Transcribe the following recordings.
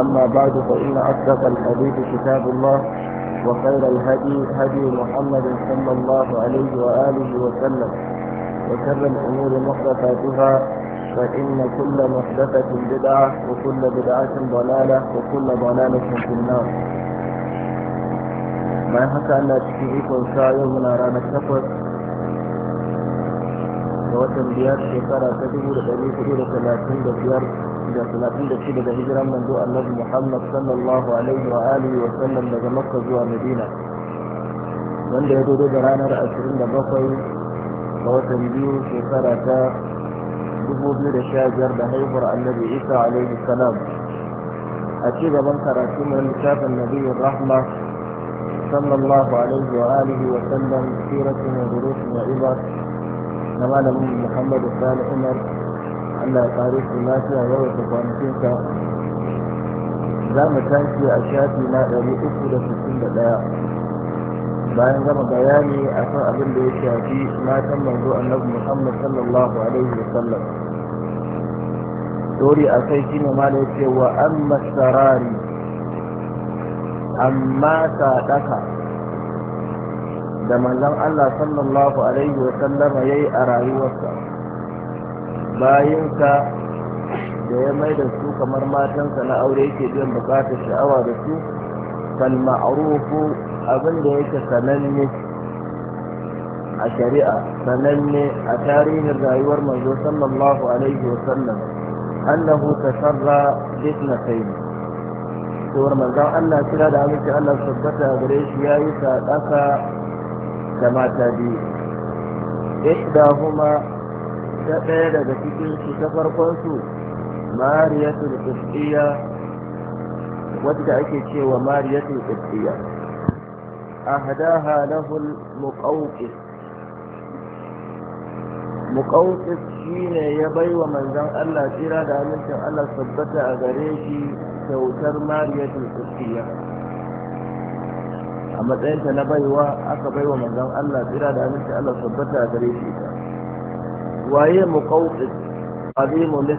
أما بعد فإن أصدق الحديث كتاب الله وخير الهدي هدي محمد صلى الله عليه وآله وسلم وشر الأمور محدثاتها فإن كل محدثة بدعة وكل بدعة ضلالة وكل ضلالة في النار ما يحكى أن تشكيكم شاء يومنا أرانا الشفر وتنبيات شكرا تدهور دليل إلى ثلاثين بسيار عند ثلاثين رشيدة هجرة من دو النبي محمد صلى الله عليه وآله وسلم لدى مكة دو المدينة من دو دو درانة رأسرين لبصر وتنبيه شكرة دبو دو رشاجر بهيبر النبي عيسى عليه السلام أكيد من تراتم من كاف النبي الرحمة صلى الله عليه وآله وسلم سيرة ودروس وعبر نمال من محمد الصالح عمر Allah ya kare su lafiya yau da kwanakinsa za mu tashi a shafi na ɗari uku da sittin da ɗaya bayan gama bayani a kan abin da ya shafi matan manzo annabi muhammad sallallahu alaihi wa sallam dori a kai shine ma da yake wa amma sarari amma sadaka da manzon Allah sallallahu alaihi wa sallama yayi a rayuwarsa bayinsa da ya mai da su kamar matansa na aure yake biyan bukatar sha'awa da su kalma'arufu abin da yake sananne a shari'a sananne a tarihin rayuwar manzo sallallahu alaihi wa sallam annahu tasarra fitnatayn cewar manzan Allah kira da aminci Allah tabbata gare shi yi sadaka da mata biyu kuma. ta ɗaya daga cikin su ta farkon su mariyatul qibtiyya wadda ake cewa mariyatul qibtiyya ahdaha lahu al-muqawqis muƙauƙis shi ne ya bai wa manzan Allah tsira da amincin Allah sabbata a gare shi kyautar mariyatul kuskiya a matsayinta na baiwa aka bai wa manzan Allah tsira da amincin Allah sabbata a gare shi ta waye muqawqis azimu shi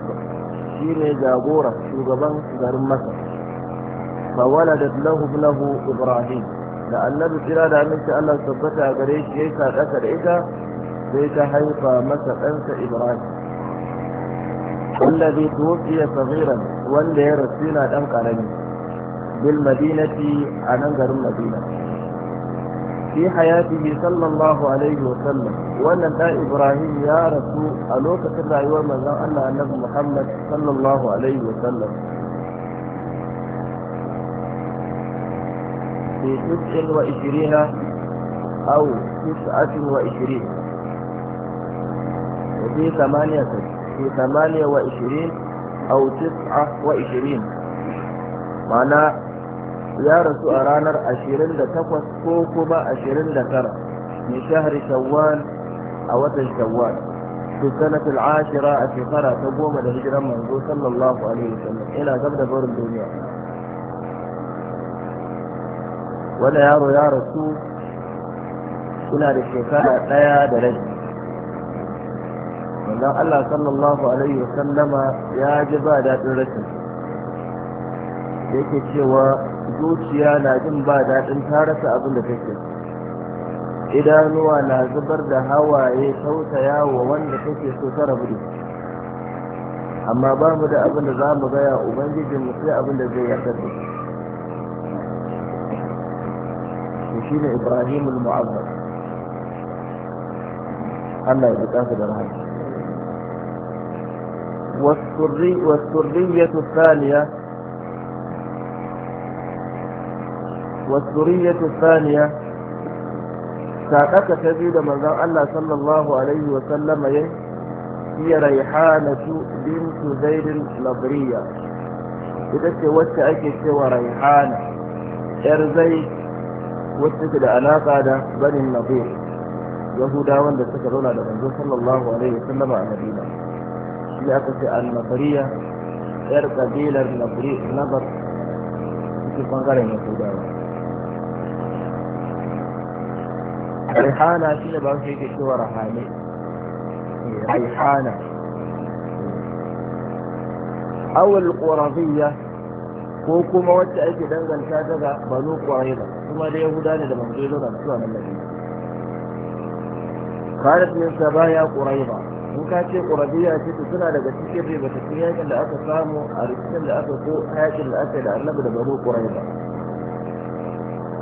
shine jagora shugaban garin masa, fa waladat lahu ibrahim da annabi kira da aminci Allah tabbata gare shi yayi sadaka da ita sai ta haifa masa ɗansa ibrahim الذي توفي صغيرا وان يرسينا karami bil madinati عن garin المدينة fi hayatihi sallallahu alaihi wa sallam wannan da ibrahim ya rasu a lokacin rayuwar manzon Allah annabi Muhammad sallallahu alaihi wa sallam fi 29 aw 29 وفي ثمانية في ثمانية وعشرين أو تسعة وعشرين معناه ya rasu a ranar 28 ko kuma 29 min shahri shawwal a watan shawwal fi sanat al-ashira a shekara ta goma da hijiran manzo sallallahu alaihi wasallam ina gab da barin duniya wanda yaro ya rasu suna da shekara ɗaya da rai Wannan Allah sallallahu alaihi wasallama ya ji ba daɗin rashin yake cewa zuciya na jin ba daɗin ta rasa abin da take idanuwa na zubar da hawaye tausaya wa wanda take so ta rabu da amma ba mu da abin da za mu gaya ubangijin mu sai abin da zai yarda da shi ne ibrahim al-mu'azzam Allah ya buƙata da rahama والسرية الثانية والسرية الثانية ساقك تزيد من ذا الله صلى الله عليه وسلم هي ريحانة بنت زيد النظرية إذا توت أي شيء ريحانة إرزي وست أنا قادة بني النضير يهودا وند سكرونا لمن صلى الله عليه وسلم على نبينا لا أكس النظرية إر قبيلة النضرية نظر في فنغرين يهودا raihana shi ne ba su yake cewa rahane raihana awal ƙorafiya ko kuma wacce ake danganta daga banu ba kuma da yahuda ne da manzo yana da suna mallaki ba ya sabaya ba in ka ce ƙorafiya ce ta suna daga cikin riba ta yakin da aka samu a rikicin da aka ko yakin da aka da annabi da banu ba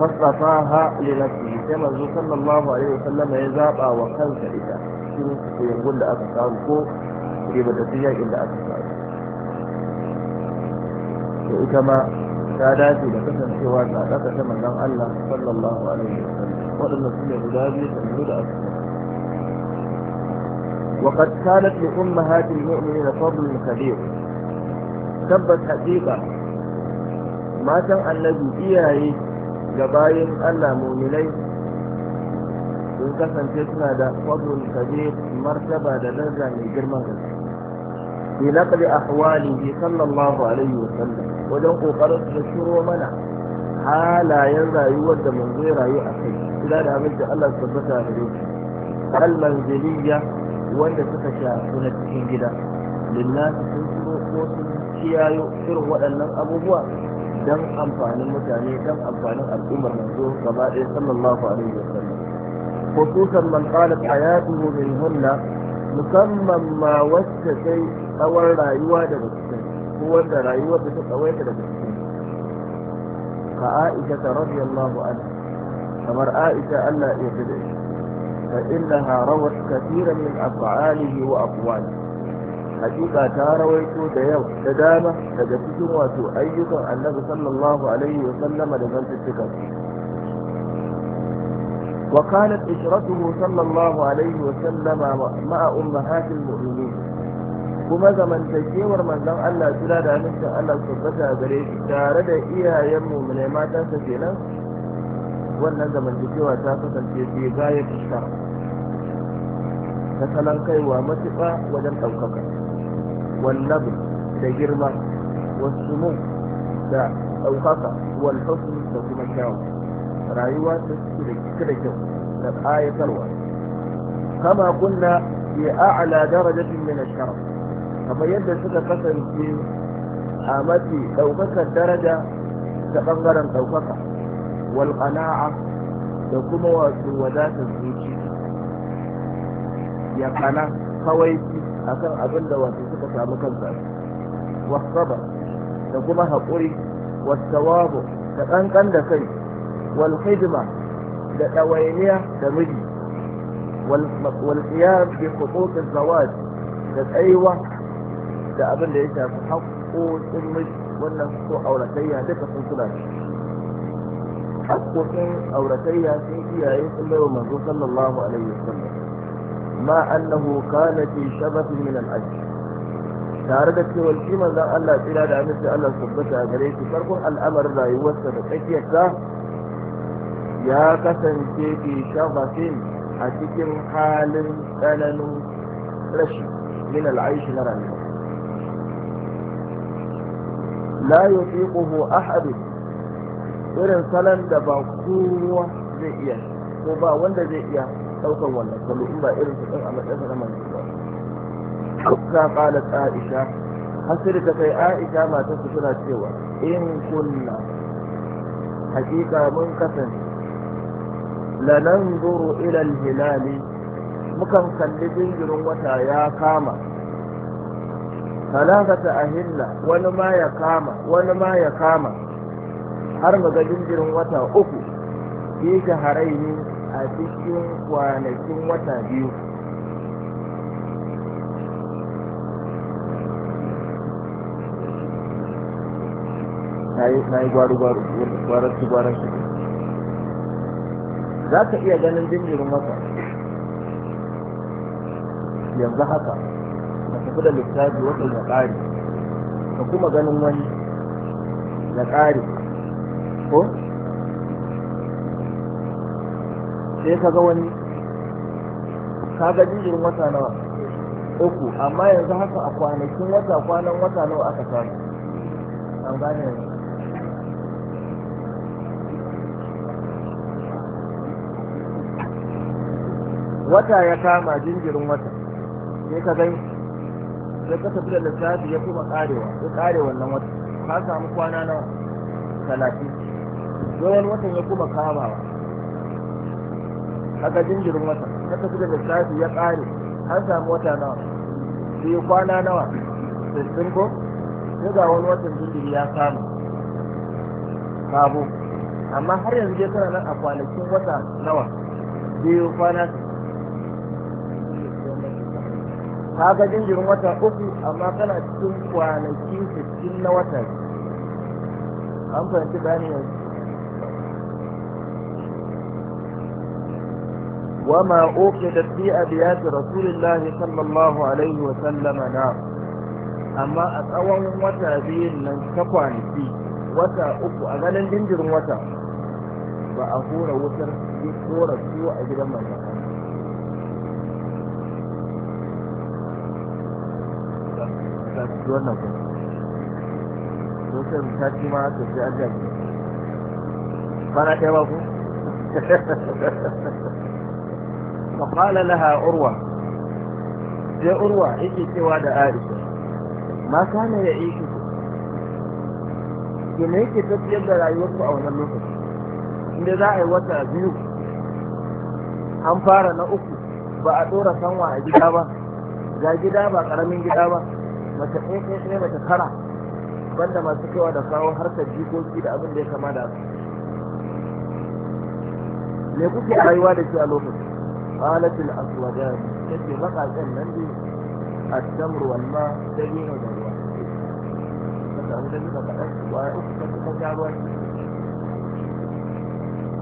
fassafaha li nafsihi sai manzo sallallahu alaihi wasallam ya zaba wa kansa ita cikin yangun da aka samu ko ribatattun yakin da aka samu to ita ma ta dace da kasancewa ta daka ta manzon Allah sallallahu alaihi wasallam waɗannan su ne guda biyu da da aka samu وقد كانت لأمهات المؤمنين فضل كبير ثبت حقيقة matan annabi iyaye ga bayin Allah muminai sun kasance suna da fadul kabir martaba da daraja mai girman gaske bi ne ahwalihi sallallahu alaihi wa sallam wajen kokarin su shiro mana halayen rayuwar da mun zai rayu a kai ila da abin da Allah tabbata da shi al manziliya wanda suka sha na cikin gida lillahi sun shiro ko sun kiyayo irin waɗannan abubuwa dan amfanin mutane dan amfanin al'ummar manzo gaba ɗaya sallallahu alaihi wa wasallam khususan man qalat hayatuhu minhunna musamman ma wacce sai tsawon rayuwa daga cikin ko wanda rayuwar da ta tsawaita daga cikin ka Aisha ta radiyallahu anha kamar Aisha Allah ya yarda da ita fa innaha rawat kathiran min af'alihi wa aqwalihi hakika ta rawaito da yau da dama daga cikin wato ayyukan annabi sallallahu alaihi wa sallama da zantuttukan wa kana ishratuhu sallallahu alaihi wa sallama ma'a ummahatil mu'minin kuma zamantakewar manzon Allah Sula da amincin Allah tabbata gare shi tare da iyayen mu'minai matansa kenan wannan zamantakewa ta kasance sai gaya fuskar ta kalan kaiwa matuƙa wajen ɗaukaka والنبل كجرمة والسمو أو خطأ والحسن تكون الشعور رأيوا تسكريكو الآية الأول كما قلنا في أعلى درجة من الشرف كما يدى سكا قسم في آمتي لو فكت درجة تقنقرا أو خطأ والقناعة تكون واسو وذات الزوجي يقنا خويتي أكن أبن دواتي تطلع مكذب والصبر تقوم هقري والتواضع تقنقن لكي والخدمة لأوينية تمدي والقيام بخطوط الزواج تأيوة تأمن قول تحق تمج والنفس أو لكيها لك تنسلات حقك أو لكيها سيدي عيسى الله صلى الله عليه وسلم ما أنه كان في شبث من الأجل tare da cewa shi manzon Allah tsira da aminci Allah tabbata a gare shi farkon al'amarin rayuwarsa da tsakiyarsa ya kasance fi shagafin a cikin halin tsananin rashi min al'aishi na rayuwa la yutiquhu ahad irin salon da ba kowa zai iya ko ba wanda zai iya daukan wannan salo in ba irin su a matsayin na manzon hatta qalat aisha hasiri ta kai aisha matar su suna cewa in kunna hakika mun kasance lananzuru ila al-hilali mukan kalli jinjirin wata ya kama talakata ahilla wani ma ya kama wani ma ya kama har mu ga jinjirin wata uku fi harai ne a cikin kwanakin wata biyu na yi gwaran gwaranci za ka iya ganin jinjirin wata yanzu haka ka tafi da littafi wata ya ƙari, ka kuma ganin wani ya ƙari, ko sai ka ga wani ka ga jinjirin wata nawa uku amma yanzu haka a kwanakin wata kwanan wata nawa aka samu an gane yanzu wata ya kama jinjirin wata sai ka gani sai ka tafi da lissafi ya kuma karewa ya kare wannan wata ka samu kwana na talatin sai wani watan ya kuma kamawa kaga jinjirin wata ka tafi da lissafi ya kare ka samu wata nawa sai kwana nawa sittin ko sai ga wani watan jinjiri ya samu sabo amma har yanzu ya tana nan a kwanakin wata nawa biyu kwana ka ga jinjirin wata uku amma kana cikin kwanaki sittin na wata an fahimci bayani yanzu وما أوقدت في أبيات رسول الله صلى الله عليه وسلم نار أما أتأوهم وتأبين لن تقعني في وتا أكو أغلى جنجر وتا فأقول وتر في صورة a أجل من ta ci wannan ba ko sai ta ci ma to sai an jage bana ɗaya ba ku Urwa ya عروة يا عروة إيكي سوى دا عائشة ما كان يعيشك yana yake tafiyar da rayuwarku a wannan lokaci inda za a yi wata biyu an fara na uku ba a ɗora sanwa a gida ba ga gida ba ƙaramin gida ba mace ɗaya ɗaya ɗaya mace tara banda masu kaiwa da kawo harkar jikoki da abin da ya kama da me kuke rayuwa da shi a lokacin qalatil ya ce baƙaƙen nan ne a tamru walma ma yi gina da ruwa ta samu da nuna kaɗan wa uku ta kuma ja ruwa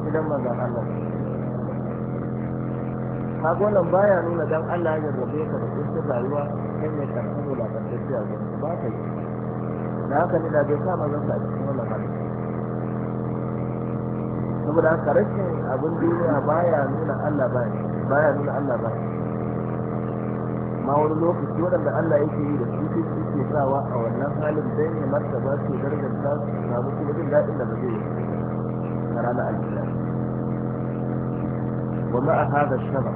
idan manzan Allah kaga wannan baya nuna don Allah ya rabe ka da kusur rayuwa kan ya karɓi lafiya ga ba ta yi da haka ne da bai sa mazan sa cikin wannan halin saboda haka rashin abin duniya baya nuna Allah ba ne baya nuna Allah ba ne ma wani lokaci waɗanda Allah yake yi da su su ke sawa a wannan halin dai ne martaba su darajanta su samu kuma jin daɗin da ba zai yi a ranar aljiya wanda a haɗa shaba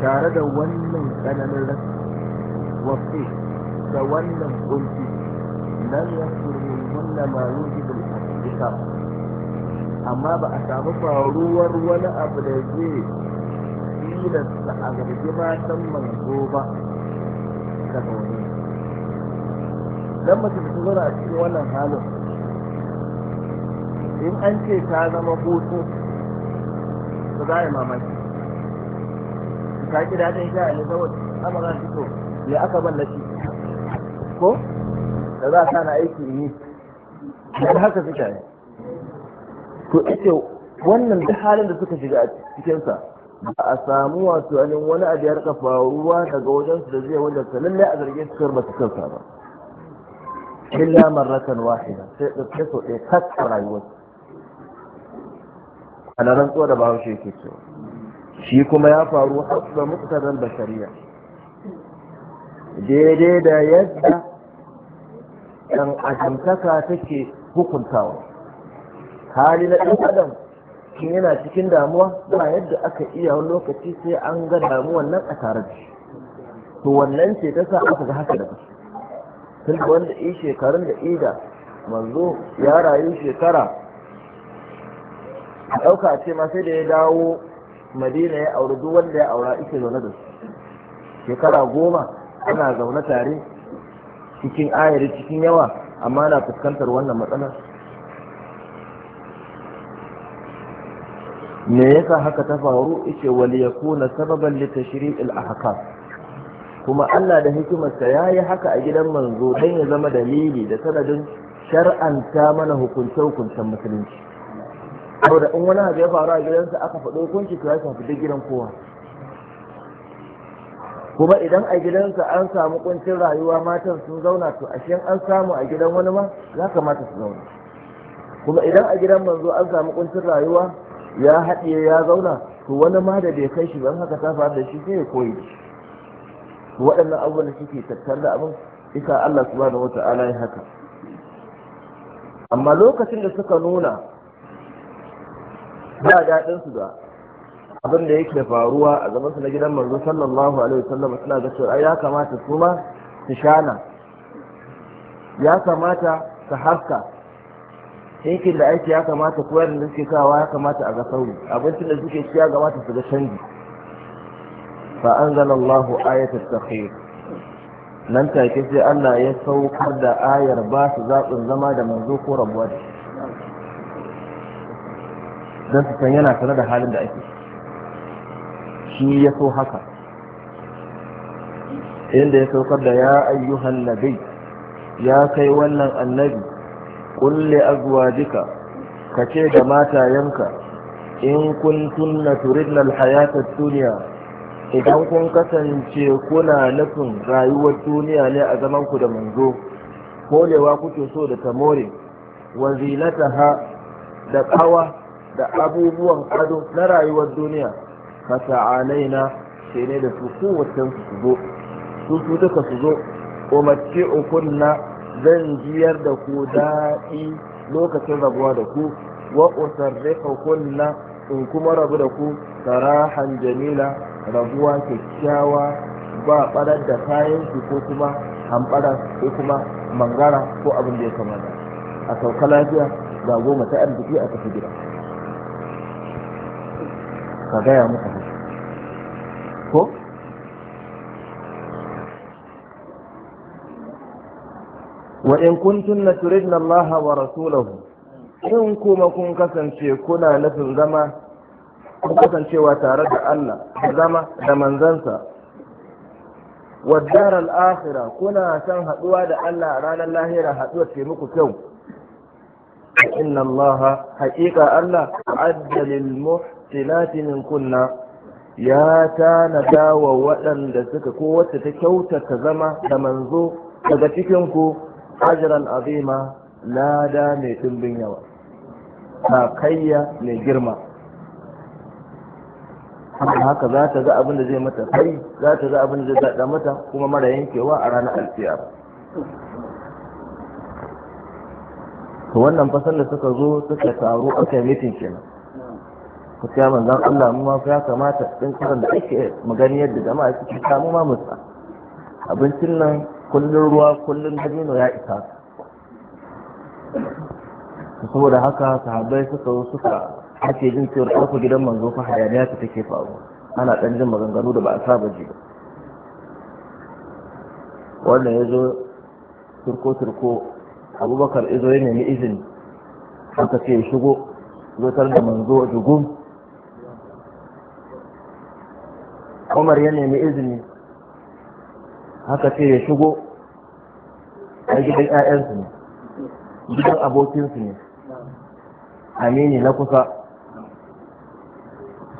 tare da wannan tsananin rasu wasu da wannan kunci nan ya min hunna ma yujibu al amma ba a samu faruwar wani abu da zai tilasta a zargi matan manzo ba Ka zaune. dan mace ta zauna a cikin wannan halin in an ce ta zama hutu ba za a yi mamaki ta ki daɗin sha ne saboda amara fito ya aka ballaci ko da za a na aiki ne da haka suka yi to ita wannan duk halin da suka shiga a cikinsa ba a samu wato anin wani abu ya rika faruwa daga wajen su da zai wanda ta lalle a zarge su kar su kansa ba illa marratan wahida sai da ke so ɗaya kat a rayuwar a na rantsuwa da bahaushe ke cewa shi kuma ya faru haɗuwa muktarar bashariya daidai da yadda ɗan adamtaka take hukuntawa hali na ɗan adam shin yana cikin damuwa ba yadda aka iya wani lokaci sai an ga damuwan nan a tare da shi to wannan ce ta sa aka ga haka da tun da wanda i shekarun da ida manzo ya rayu shekara a ɗauka ce ma sai da ya dawo madina ya auri duk wanda ya aura ike zaune da su shekara goma ana zaune tare cikin ayari cikin yawa amma na fuskantar wannan matsalar me yasa haka ta faru ishe wani ya kuna sababan lita shirin ahkam kuma Allah da hikimarsa yi haka a gidan manzo don ya zama dalili da sanadin shar'anta mana hukunce hukuncen musulunci saboda in wani abu ya faru a gidansa aka faɗo hukunci to ya shafi duk gidan kowa kuma idan a gidansa an samu kuncin rayuwa matan sun zauna to ashe an samu a gidan wani ma ya kamata su zauna kuma idan a gidan manzo an samu kuncin rayuwa ya haɗiye ya zauna to wani ma da bai kai shi ban haka ta faru da shi sai ya koyi waɗannan abubuwan da suke tattar da abin isa Allah subhanahu wata'ala ya haka amma lokacin da suka nuna ba daɗin su da abin da yake faruwa a zaman su na gidan manzo sallallahu alaihi wasallam suna ga cewa ya kamata su ma su shana ya kamata su haska aikin da aiki ya kamata koyar da suke kawa ya kamata a ga sauri abincin da suke ci ya kamata su ga canji fa anzalallahu ayatul takhir nan take sai Allah ya saukar da ayar ba su zaɓin zama da manzo ko rabuwa da su san yana sanar da halin da ake shi ya so haka inda ya saukar da ya ayyuhan nabi ya kai wannan annabi kulle azwajika ka ce da matayenka in kuntunna turidna Hayatar duniya idan kun kasance kuna nufin rayuwar duniya ne a zaman ku da manzo kolewa kuke so da tamore wa ha da kawa da abubuwan ado na rayuwar duniya alaina sai ne da su kowacen su zo su su duka su zo umarci ukunna zan jiyar da ku daɗi lokacin rabuwa da ku wa usarrifa kunna in kuma rabu da ku sarahan jamila rabuwa kyakkyawa ba ɓarar da kayan ki ko kuma hamɓara ko kuma mangara ko abin da ya kamata a sauka lafiya ga goma ta arziki a tafi gida ka gaya muku ko wa in kuntunna turidna Allah wa rasulahu in kuma kun kasance kuna nufin zama kun kasancewa tare da Allah zama da manzansa wadar al'akhira kuna san haduwa da Allah ranar lahira haduwa ce muku kyau inna Allah haƙiƙa Allah adda lil muhsinati min kunna ya tanada wa waɗanda suka ko wacce ta kyautata zama da manzo daga cikin ku ajiran azima lada mai dimbin yawa takayya mai girma haka za ta ga abin da zai mata kai za ta ga abin da zai daɗa mata kuma mara yankewa a ranar alfiya to wannan fasar da suka zo suka taru aka yi mitin kenan ku ce zan Allah mu ma ya kamata din karan da ake magani yadda jama'a suke samu ma musa abincin nan kullun ruwa kullun dabino ya isa saboda haka sahabbai suka zo suka ake jin cewa ɗauka gidan manzo fa hayaniya ta take faru, ana ɗan jin maganganu da ba a saba ji wannan ya zo turko-turko abubakar izo ya nemi izini aka ce shigo zotar da manzo a jugun umar ya nemi izini haka ce ya shigo a gidan 'ya'yansu ne gidan abokinsu ne amini na kusa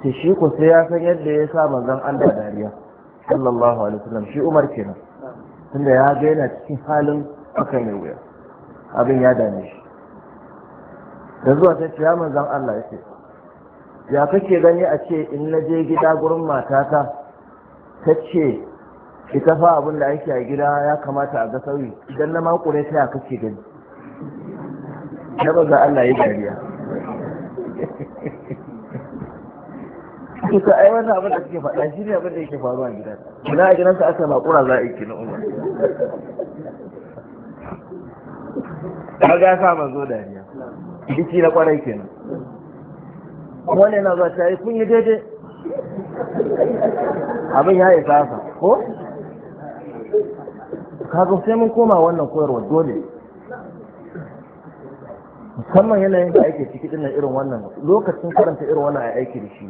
ce shi ku sai ya san yadda ya sa an da dariya sallallahu alaihi wasallam shi Umar kenan tunda ya ga yana cikin halin akan ne wuya abin ya dame shi da zuwa ta ce ya manzon Allah ya ce ya kake gani a ce in na je gida gurin matata ta ce ita fa abin da ake a gida ya kamata a ga sauyi idan na makure ta ya kace gani na ba za Allah ya dariya ita ai wannan abin da kake faɗa shi ne abin da yake faruwa gida na a gidansa aka makura za a yi kina umar ta ga sa manzo dariya biki na kwarai kenan wani na za ta yi kun yi daidai abin ya isa sa ko kaga sai mun koma wannan koyarwa dole musamman yanayin da ake ciki dinnan irin wannan lokacin karanta irin wannan a aiki da shi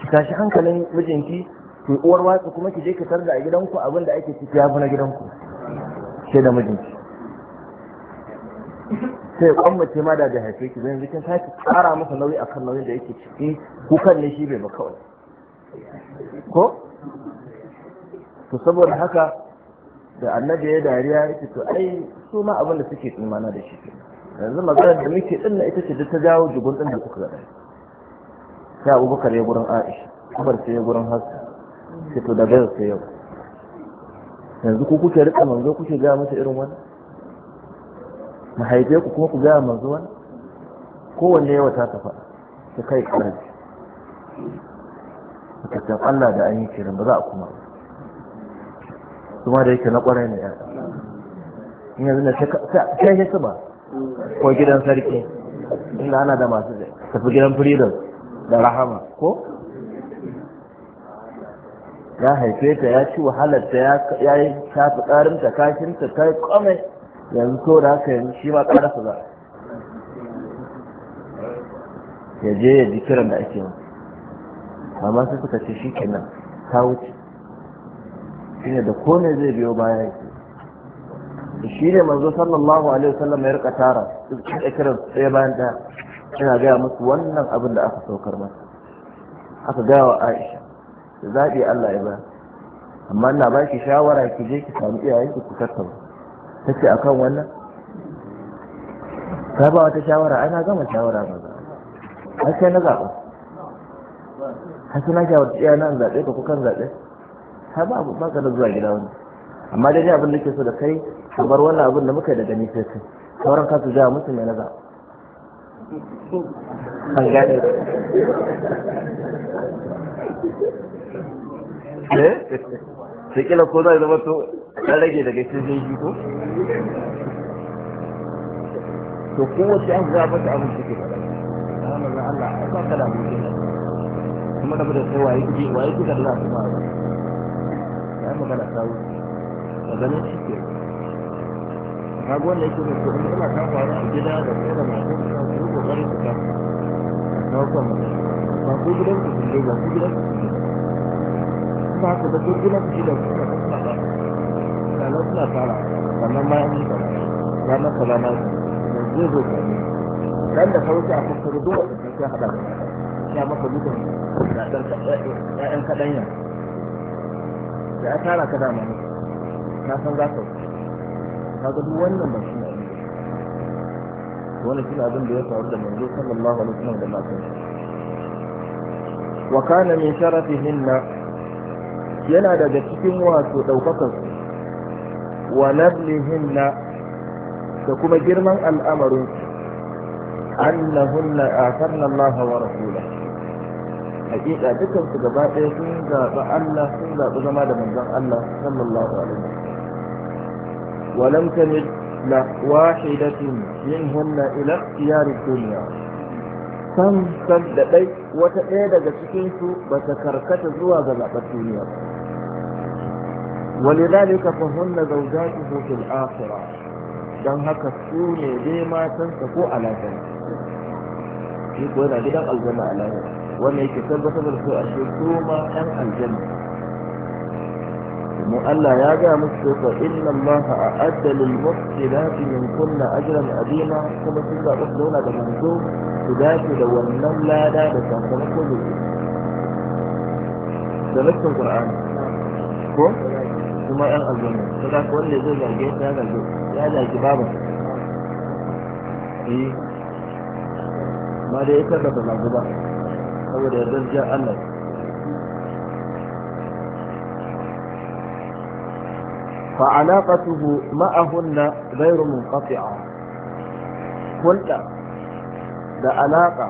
ki tashi hankalin mijinki ki uwar watsa kuma ki je ki tarda a gidanku abin da ake ciki ya fi na gidanku shi da mijinki sai ya kwammace ma da bai haife ki zai zikin sake kara masa nauyi kan nauyin da yake ciki kukan ne shi bai ba kawai ko to saboda haka da annabi ya dariya yake to ai su ma abin da suke tsimana da shi yanzu maganar da muke din na ita ce duk ta jawo jugun din da kuka ga sai abubakar ya gurin aisha kubar sai ya gurin hasu sai to da yau sai yau yanzu ku kuke rika manzo kuke gaya masa irin wannan mu haife ku kuma ku gaya manzo wani kowanne yawa ta tafa ta kai ƙarfi takattan Allah da an yi kiran ba za a kuma kuma da yake na ƙwarai na yaya in yanzu da sai su ba ko gidan sarki inda ana da masu tafi gidan freedom da rahama ko ya haife ta ya ci wahalar ta ya yi shafi kashin kashinta ta yi komai yanzu ko da haka yanzu shi ma karasa za ya je ya ji kiran da ake yi amma sai suka ce shi kenan ta wuce shi ne da kone zai biyo baya yake shi ne manzo sallallahu alaihi wasallam ya rika tara duk kiran sai bayan ɗaya. Yana gaya musu wannan abin da aka saukar masa aka gaya wa Aisha da zaɓi Allah ya ba amma ina ba ki shawara ki je ki samu iyayenki ku tattauna ta ce akan wannan ta ba wata shawara ana gama shawara ba a ce na zaɓa hasu na shawar tsaya nan zaɓe ka kukan zaɓe ta ba abu ba ka zuwa gida wani amma dai abin da ke so da kai a bar wannan abin da muka yi daga nisa kai sauran kasu jawa musu mai na zaɓa an gane eh sai kila ko zai zama to dan rage daga sojoji ko to kowace an za abin da ke faɗa Allah ba ka da kuma da waye da ya magana sawu ka gane shi ke kaga wanda yake da kan faru a gida da kuma da da kuma kokarin su ta ba ku gidan ku ne ba ku gidan ku ne ba ku da gidan ku ne nan suna fara sannan ma yi ba masa kaza ma yanzu zai zo ka ne dan da ka wuce a kuskure duk wanda sai hada ya maka dukan da dan ƴaƴan kaɗan yan da ya tara ka dama ne na san za ka ka ga duk wannan ba shi ne Wani shi abin da ya faru da manzo sallallahu alaihi wasallam da matan wa kana min sharafihinna yana daga cikin wato daukakar wa nabnihinna da kuma girman al'amarin annahunna afarna Allah wa rasula hakika dukan su gaba ɗaya sun zaɓi Allah sun zaɓi zama da manzon Allah sallallahu alaihi wasallam wa lam tamid la wahidatin minhunna ila ikhtiyar da wata ɗaya daga cikinsu ba ta karkata zuwa ga zaɓar duniya ba ولذلك فهن زوجاته في الآخرة dan haka su ne dai matansa ko a lafiya shi ko yana gidan aljanna a lafiya wannan yake tabbatar da su a shi su ma ɗan aljanna mu Allah ya ga musu cewa inna Allah a'adda lil muhsinati min kunna ajran azima kuma sun ga su zauna da manzo su dace da wannan lada da sakamako da da nufin Qur'ani ko kuma yan aljanna ta ga wanda zai zarge ta zarge ya zargi babu yi ma da ya karka eh. ba ba saboda yardar jiya Allah فعلاقته معهن غير منقطعة da alaƙa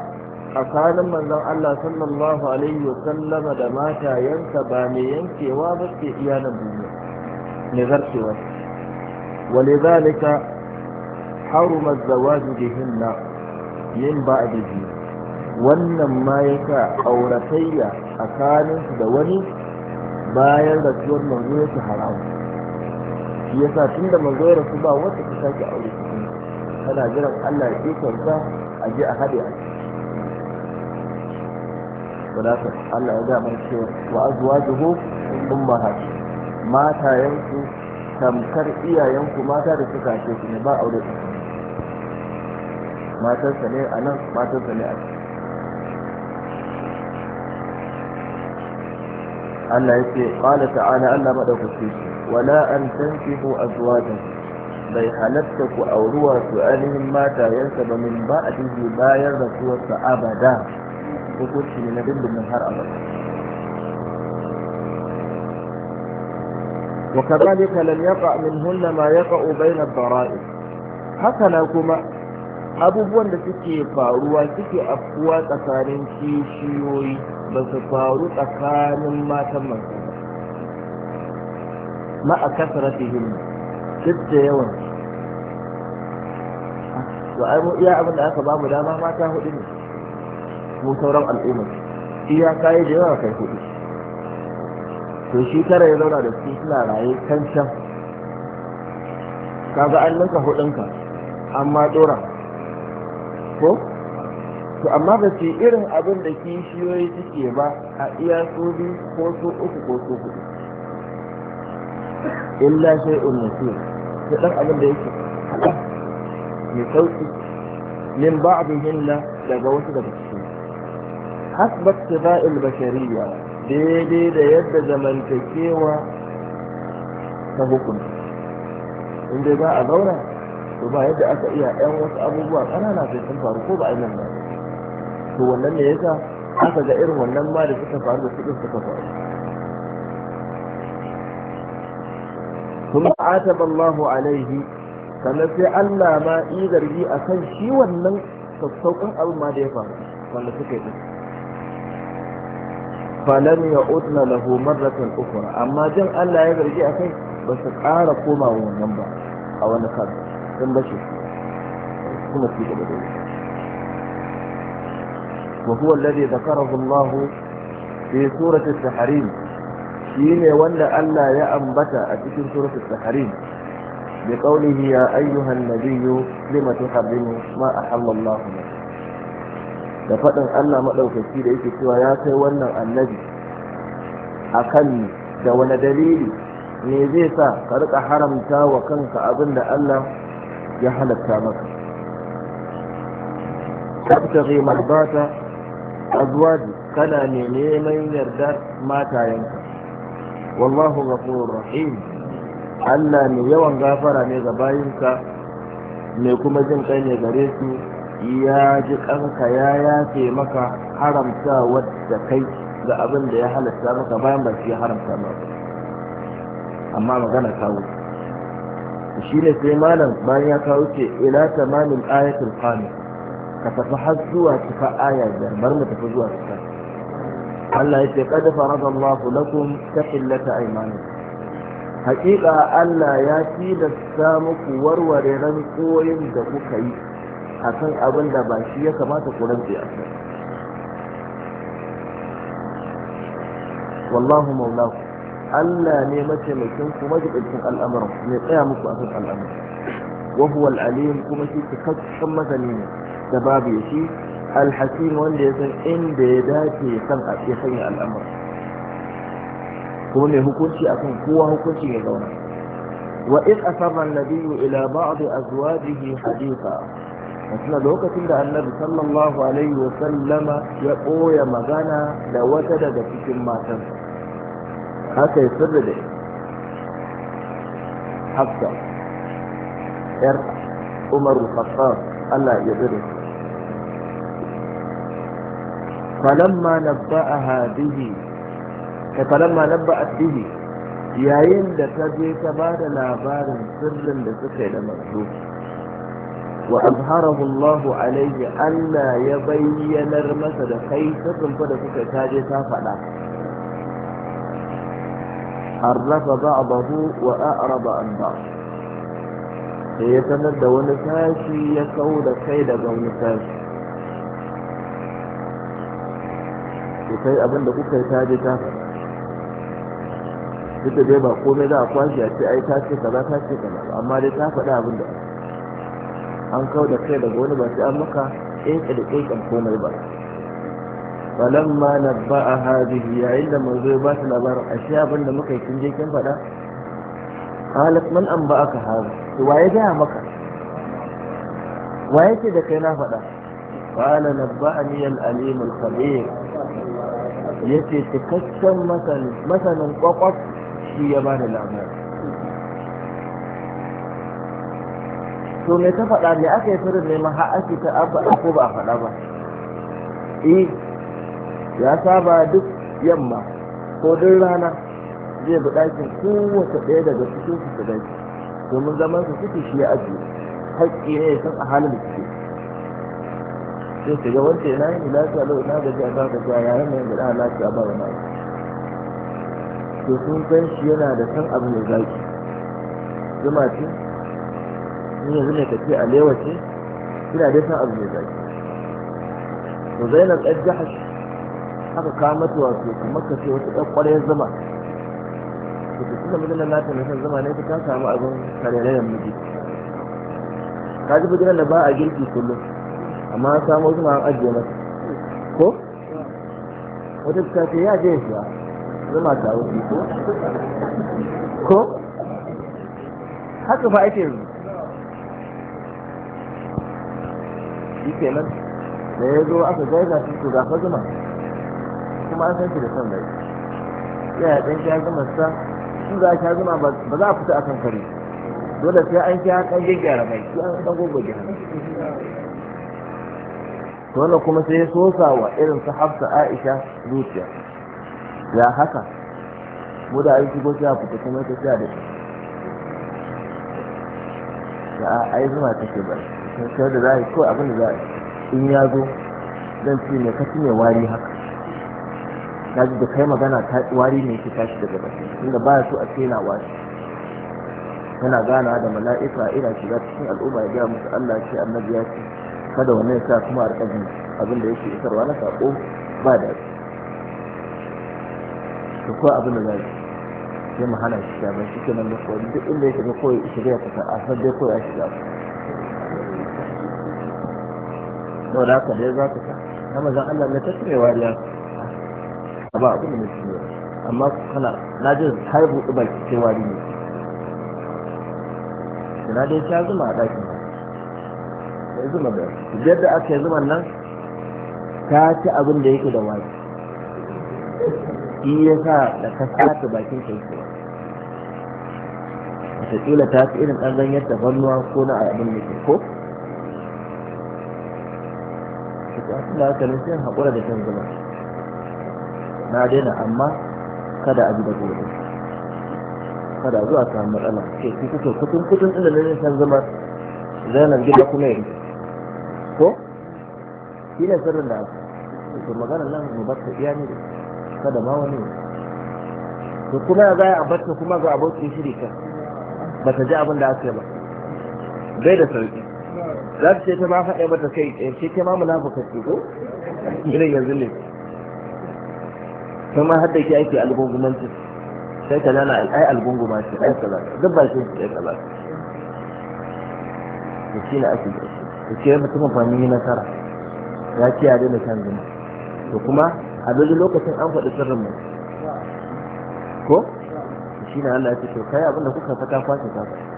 tsakanin manzon Allah sallallahu alaihi wa sallama da matayensa ba mai yankewa ba ke iya nan duniya mai zarcewa ولذلك حرم الزواج بهن من بعده wannan ma ya sa auratayya tsakaninsu da wani bayan rasuwar manzo ya su haramu shi ya sa tun da manzo ya rasu ba wata ta sake aure cikin tana jiran Allah ya ikonsa a ji a haɗe a ciki wadata Allah ya ga mai cewa wa azwajuhu ummahatuhum matayenku tamkar iyayenku mata da suka ce su ne ba aure matarsa ne a nan matarsa ne a can Allah ya ce ƙwala ta'ala Allah maɗaukaki wala an tankihu azwajan bai halatta ku auruwa su ainihin matayensa ba min ba a bayan rasuwarsa abada hukunci ne na dindindin har abada وكذلك لم يقع منهن ما يقع بين الضرائب هكذا كما abubuwan da suke faruwa suke afkuwa tsakanin kishiyoyi ba su faru tsakanin matan manzo ma a kasaratihim duk da yawan to ai iya abin da aka ba mu dama mata hudu ne mu sauran al'umma iya kai da yawa kai hudu to shi tara ya zauna da su suna raye can can kaga an ninka hudunka amma dora ko to amma ba ce irin abin da kishiyoyi suke ba a iya so biyu ko su uku ko su hudu illa sai unnasir ta dan abin da yake mai sauki min hinna daga wasu daga cikin hasbat tiba'il bashariyya daidai da yadda zamantakewa ta hukunta inda ba a zauna to ba yadda aka iya yan wasu abubuwa ƙanana sai sun faru ko ba a nan ba to wannan ne yasa aka ga irin wannan ma da suka faru da suka suka faru kuma ata Allahu alaihi sannan sai Allah ma yi zargi akan shi wannan sassauƙin abu ma da ya faru wanda suka yi falan ya udna lahu marratan ukhra amma jin Allah ya zargi akai ba su ƙara komawa wannan ba a wani kan sun bace kuma su gaba da wa huwa alladhi dhakarahu Allah fi surati at-tahrim shine wanda Allah ya ambata a cikin surati at-tahrim bi qawlihi ya ayyuhan nabiyyu lima tuharrimu ma ahalla Allah lak da faɗin Allah maɗaukaki da yake cewa ya kai wannan annabi a kan da wani dalili me zai sa ka riƙa haramta wa kanka abin da Allah ya halatta maka tabtaghi marbata azwaji kana ne neman yardar matayenka wallahu ghafurur rahim Allah ne yawan gafara ne ga bayinka mai kuma jin kai ne gare su ya ji kanka ya yafe maka haramta wadda kai ga abin da ya halatta maka bayan ba shi ya haramta maka amma magana kawo shi ne sai malam bayan ya kawo ce ila tamamin ayatul qami ka tafi har zuwa cika aya biyar bar mu tafi zuwa cika Allah ya ce qad farada Allahu lakum tahillata aymanikum haƙiƙa Allah ya tilasta muku warware rantsoyin da kuka yi akan abin da ba shi ya kamata ku rantse a kai wallahu maulahu Allah ne mataimakin ku majibincin al'amuran mai tsaya muku kan al'amuran wa huwa al kuma shi cikakken masani ne da babu ya shi al-hakim wanda ya san inda ya dace ya san a ya sanya al'amuran kuma mai hukunci akan kowa hukunci ya zauna wa in asarra an-nabiyyu ila ba'd azwajihi haditha suna lokacin da annabi sallallahu alaihi wa sallama ya ɓoye magana da wata daga cikin matan haka yi sirri da hafsa yar umar khattab Allah ya tsire falamma nabba'a hadihi ta falamma nabba'a bihi yayin da ta je ta ba da labarin sirrin da suka yi da manzo وأظهره الله عليه أن يبين المسد كي تقل فلك كتاجي سافلا حرف بعضه وأعرض عن بعض هي تمد ونساشي يكون كيد ونساشي sai abin da kuka yi ta je ta duk da dai ba komai za a kwashi a ce ai ta ce kaza ta ce amma dai ta faɗa abin an kawo da kai daga wani ba sai an maka ƙeƙe da ƙeƙen komai ba falamma na ba a hadihi yayin da manzo ya ba su labarin ashe abin da muka yi kin je kin faɗa qalat man an ba aka hada to waye gaya maka waye ce da kai na faɗa qala nabba'ani al-alim al-khabir yace cikakken masanin masanin kwakwaf shi ya ba da labarin to me ta faɗa me aka yi turin neman har ake ta abu a ko ba a faɗa ba eh ya saba duk yamma ko duk rana zai bi ɗakin kowace ɗaya daga cikin su su ɗaki domin zaman su suke shi ya ajiye haƙƙi ne ya san a halin da suke sai su ga wanda yana yin lafiya lau gaji a ba gajiya yayin da ala ɗan lafiya ba wani abu to sun san shi yana da san abu mai zaki zuma ce ne yanzu ne ka ce a lewa ce ina dai san abu mai zaki to zainab ɗan jihar aka kawo mata wato kamar ka ce wata ɗan ƙwarayar zama to ta tuna mijin na ta nisan zama ne ta ta samu abin karerayen miji ka ji bijiran da ba a girki kullum amma an samu zuma an ajiye mata ko wata ta ce ya je ya shiga zama ta wuce ko ko haka fa ake yanzu shi kenan da ya zo aka gaida shi to gafa zuma kuma an san shi da son rai ya ɗan sha zuma sa shi za a sha zuma ba za a fita a kan kare dole sai an sha kan gyara mai sai an ɗan gogo hannu to wannan kuma sai ya sosa wa irin su hafsa aisha zuciya ya haka mu da aiki ko sai a fita kuma ta sha da shi ya yi zuma take bari sai da za a yi ko abin da za a yi in ya zo zan ce mai kashi mai wari haka na ji da kai magana ta wari ne ke tashi daga bakin inda ba su so a ce na wari yana gana da mala'ika ina shiga cikin al'umma ya gaya musu Allah ce annabi ya ce kada wannan ya sa kuma a abin da yake isarwa na saƙo ba da to ko abin da za yi sai mu hana shi ta ban shi kenan da kowai duk inda ya shiga kowai shiga ya fita a san dai kowai ya shiga ba no da haka dai za ka sa na mazan Allah na tattare wariya a ba abin da na ciwo amma kana na ji har buɗe baki sai wari ne na dai ta zuma a ɗakin ya zuma da yadda aka yi zuman nan ta ci abin da yake da wari shi ya sa da ka sata bakin ka yake wataƙila ta fi irin ɗan ganyen tafarnuwa ko na abin da ke ko ta da haka ne sai haƙura da shan zuma na daina amma kada a ji da gobe kada zuwa samun matsala ke ku kuke kutun kutun inda na yin shan zuma zanen gida kuma ya ko shi ne sirrin da aka to maganar nan mu bar ta iya ne kada ma wani to kuma za a bar kuma ga abokin shiri ka ba ta ji abin da aka yi ba bai da sauki za ta ce ta ma faɗa mata kai tsaye ce ta ma munafuka ce ko irin yanzu ne kuma har da ke aiki algungumanci sai ka lana ai algunguma ce ai kaza duk ba shi ai kaza da shi ne ake da shi da shi mutumin yi nasara ya ce ya daina kan gani to kuma a dole lokacin an faɗi sirrin mu ko shi ne Allah ya ce to kai abinda kuka fata kwashe ta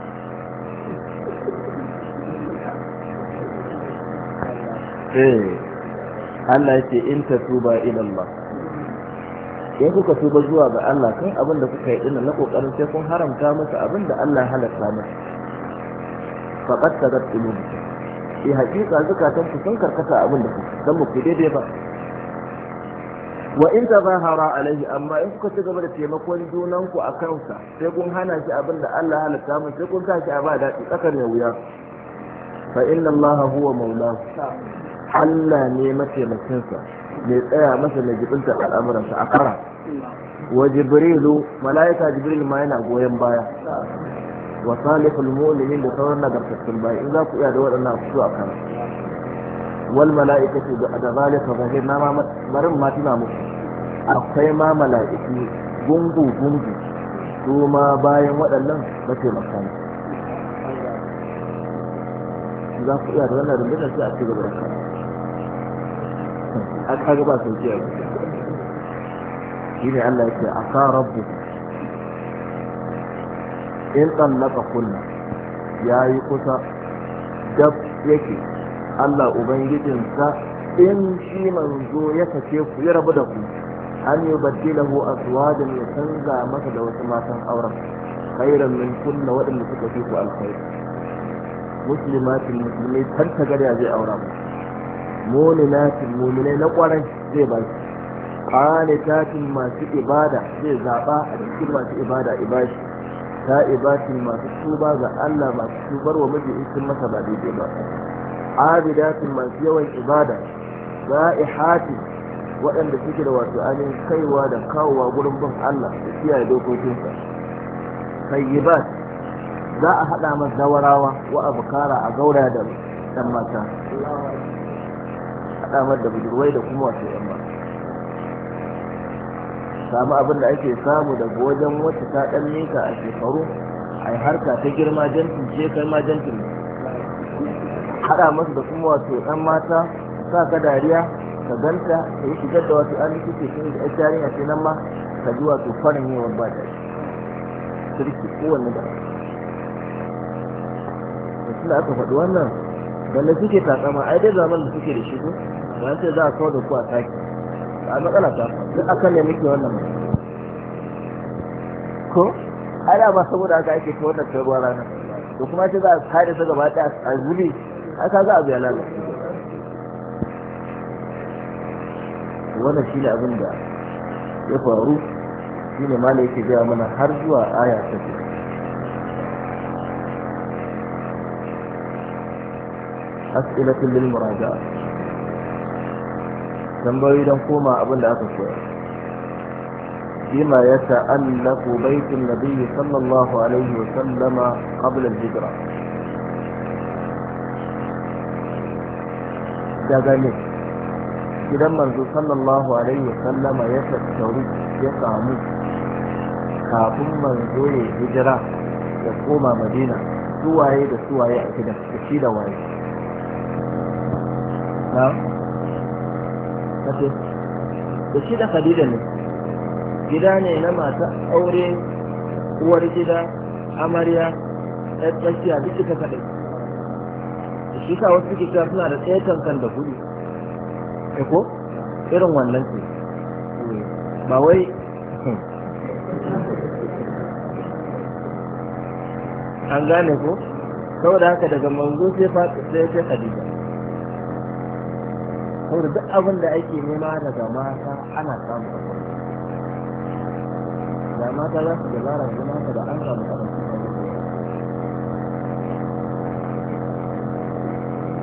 eh Allah yake in tatuba ila Allah in kuka tuba zuwa ga Allah kan abin da kuka yi dinnan na kokarin sai kun haramta masa abin da Allah halatta masa faqad tadat qulubukum shi eh, hakika zakatan ku sun karkata abin da dan ku daidai ba wa in tazahara alaihi amma in kuka tuba da taimakon junan ku akan sa sai kun hana shi abin da Allah halatta masa sai kun sa shi a ba daɗi tsakar ya wuya fa inna Allah huwa maulahu Allah ne mataimakinsa mai tsaya masa da jibinta al'amuransa a kara wa jibrilu mala'ika jibril ma yana goyon baya wa salihul mu'minin da sauran nagartattun baya in za ku iya da waɗannan ku a kara wal mala'ikatu da zalika zahir na ma marin ma tuna muku akwai ma mala'iki gungu gungu su ma bayan waɗannan mataimaka ne za ku iya da wannan rundunar sai a ci gaba da kara a kaga ba sauki a Allah yake a in tsallaka kunna ya yi kusa dab yake Allah Ubangijinsa in shi manzo ya kace ku ya rabu da ku an yi baddilahu aswadan ya canza masa da wasu matan auren khairan min kunna waɗanda suka fi ku alkhairi muslimatin musulmi kan gari gada zai aura ba muminatin muminai na kwarai zai ba shi qanitatin masu ibada zai zaba a cikin masu ibada ibashi ibatin masu tuba ga Allah masu tubar wa miji in masa ba daidai ba abidatin masu yawan ibada za a hati waɗanda suke da wato anin kaiwa da kawowa gurin bin Allah da kiyaye dokokinsa sayyibat za a haɗa masa zawarawa wa abukara a gaura da ɗan mata samar da budurwai da kuma wasu yan ba samu abin da ake samu daga wajen wata ta dan nika a shekaru a yi harka ta girma jantin ce kai ma jantin haɗa masu da kuma wato 'yan mata sa ka dariya ka ganta ka yi shigar da wasu an suke sun da ƴan jariya nan ma ka ji wato farin yawan ba da shirki kowanne da da aka faɗi wannan da suke takama ai dai zaman da suke da shigo? ba an ce za a kawo da ku a sake a matsala ta duk akan ne muke wannan ba ko ana ba saboda haka ake ta wannan ruwa rana to kuma ce za a kare ta gaba ɗaya a zubi haka za a biya lalace wannan shi ne abin da ya faru shi ne mala yake gaya mana har zuwa aya ta biyu أسئلة للمراجعة tambayoyi don koma abin da aka koya bima ya ta'allaku baitin nabiyyi sallallahu alaihi wa sallama qabla al-hijra daga ne gidan manzo sallallahu alaihi wa sallama ya tattauri ya samu kafin manzo ya hijira ya koma madina suwaye da suwaye a gidan da shi da waye kafe da shi da khadija ne gida ne na mata aure uwar gida amarya ɗan tsakiya duk ita kaɗai da shi ka wasu suke suna da tsaye kan da kuɗi eh ko irin wannan ce ba wai an gane ko saboda haka daga manzo sai fa sai sai khadija saboda duk abin da ake nema daga mata ana samu da mata za su gabara da mata da an samu abin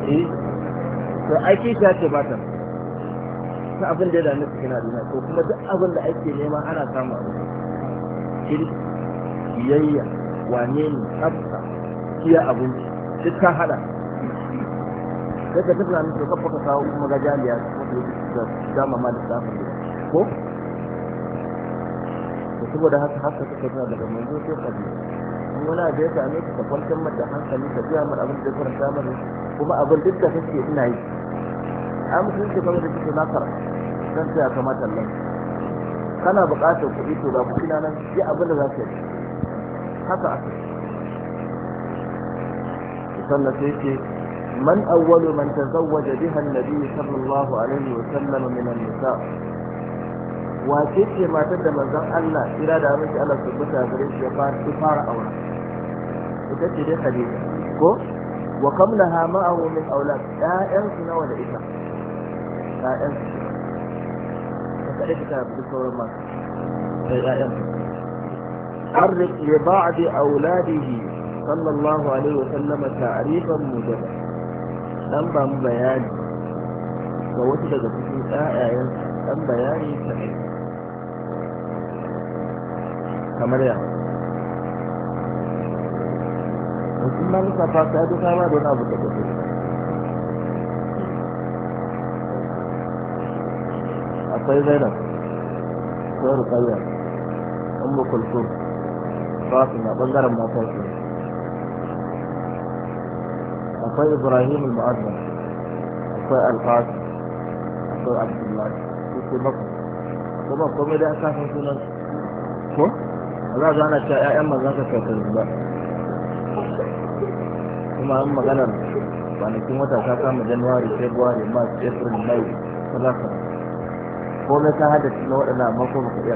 eh to aiki shi ce ba ta abin da ya dami su kina duna ko kuma duk abin da ake nema ana samu abin shirki biyayya wane ne tsafta kiya abinci duk ta hada sai ka tafi nan ka kafa kawo kuma ga jami'a da dama ma da safin da ko to saboda haka haka suka tana daga manzo sai kabi in wani abu ya same ka ka kwantar mata hankali ka biya mar abin da ya faranta kuma abin duk da kake ina yi an mutum ce kamar da kike na don dan ta kamata Allah kana buƙatar kuɗi to ga kuɗi nan yi abin da za ka yi haka aka sannan sai ce من أول من تزوج بها النبي صلى الله عليه وسلم من النساء وكيف ما تدى من ذن الله إلى دامك على سبتها فريش يقال تفار أولا وتأتي دي حديثة كو وكم لها معه من أولاد لا ينسنا ولا إسا لا ينسنا فتأتي كتاب بصورة ما إيه، لا ينسنا حرك لبعض أولاده صلى الله عليه وسلم تعريفا موجبا dan bamu bayani ga wasu daga cikin ƴaƴayen dan bayani ta kamar ya wasu nan safa ta duka ma da wani abu da kuke akwai zainab akwai rukayya ummu kulsum fatima bangaren matan su akwai ibrahim al maadun akwai al-qasim akwai abdullahi sai bakwai kuma komai da aka san sunan ko za a gana ta ƴaƴan za ka kai ba kuma an magana kwanakin wata ta kama januwari february march april may kaza kaza komai ka hada na waɗanda amma ko baka iya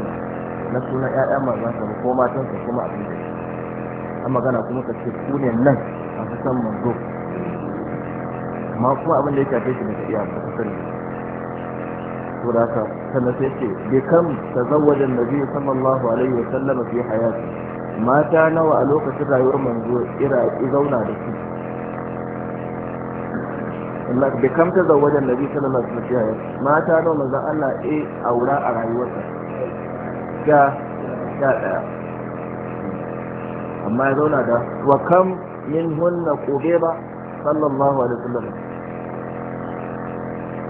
na sunan ƴaƴan za ka ko matan ka kuma abin da an magana kuma ka ce ku ne nan a san manzo amma kuma abin da ya shafe shi gaskiya ba ta sani to da haka sannan sai ce bi kam tazawwaja nabi sallallahu alaihi wa sallam fi hayati mata nawa a lokacin rayuwar manzo ira zauna da su Allah bi kam tazawwaja nabi sallallahu alaihi wa sallam mata nawa manzo Allah eh aura a rayuwarsa ga ga daya amma ya zauna da wa kam min hunna ba? صلى الله عليه وسلم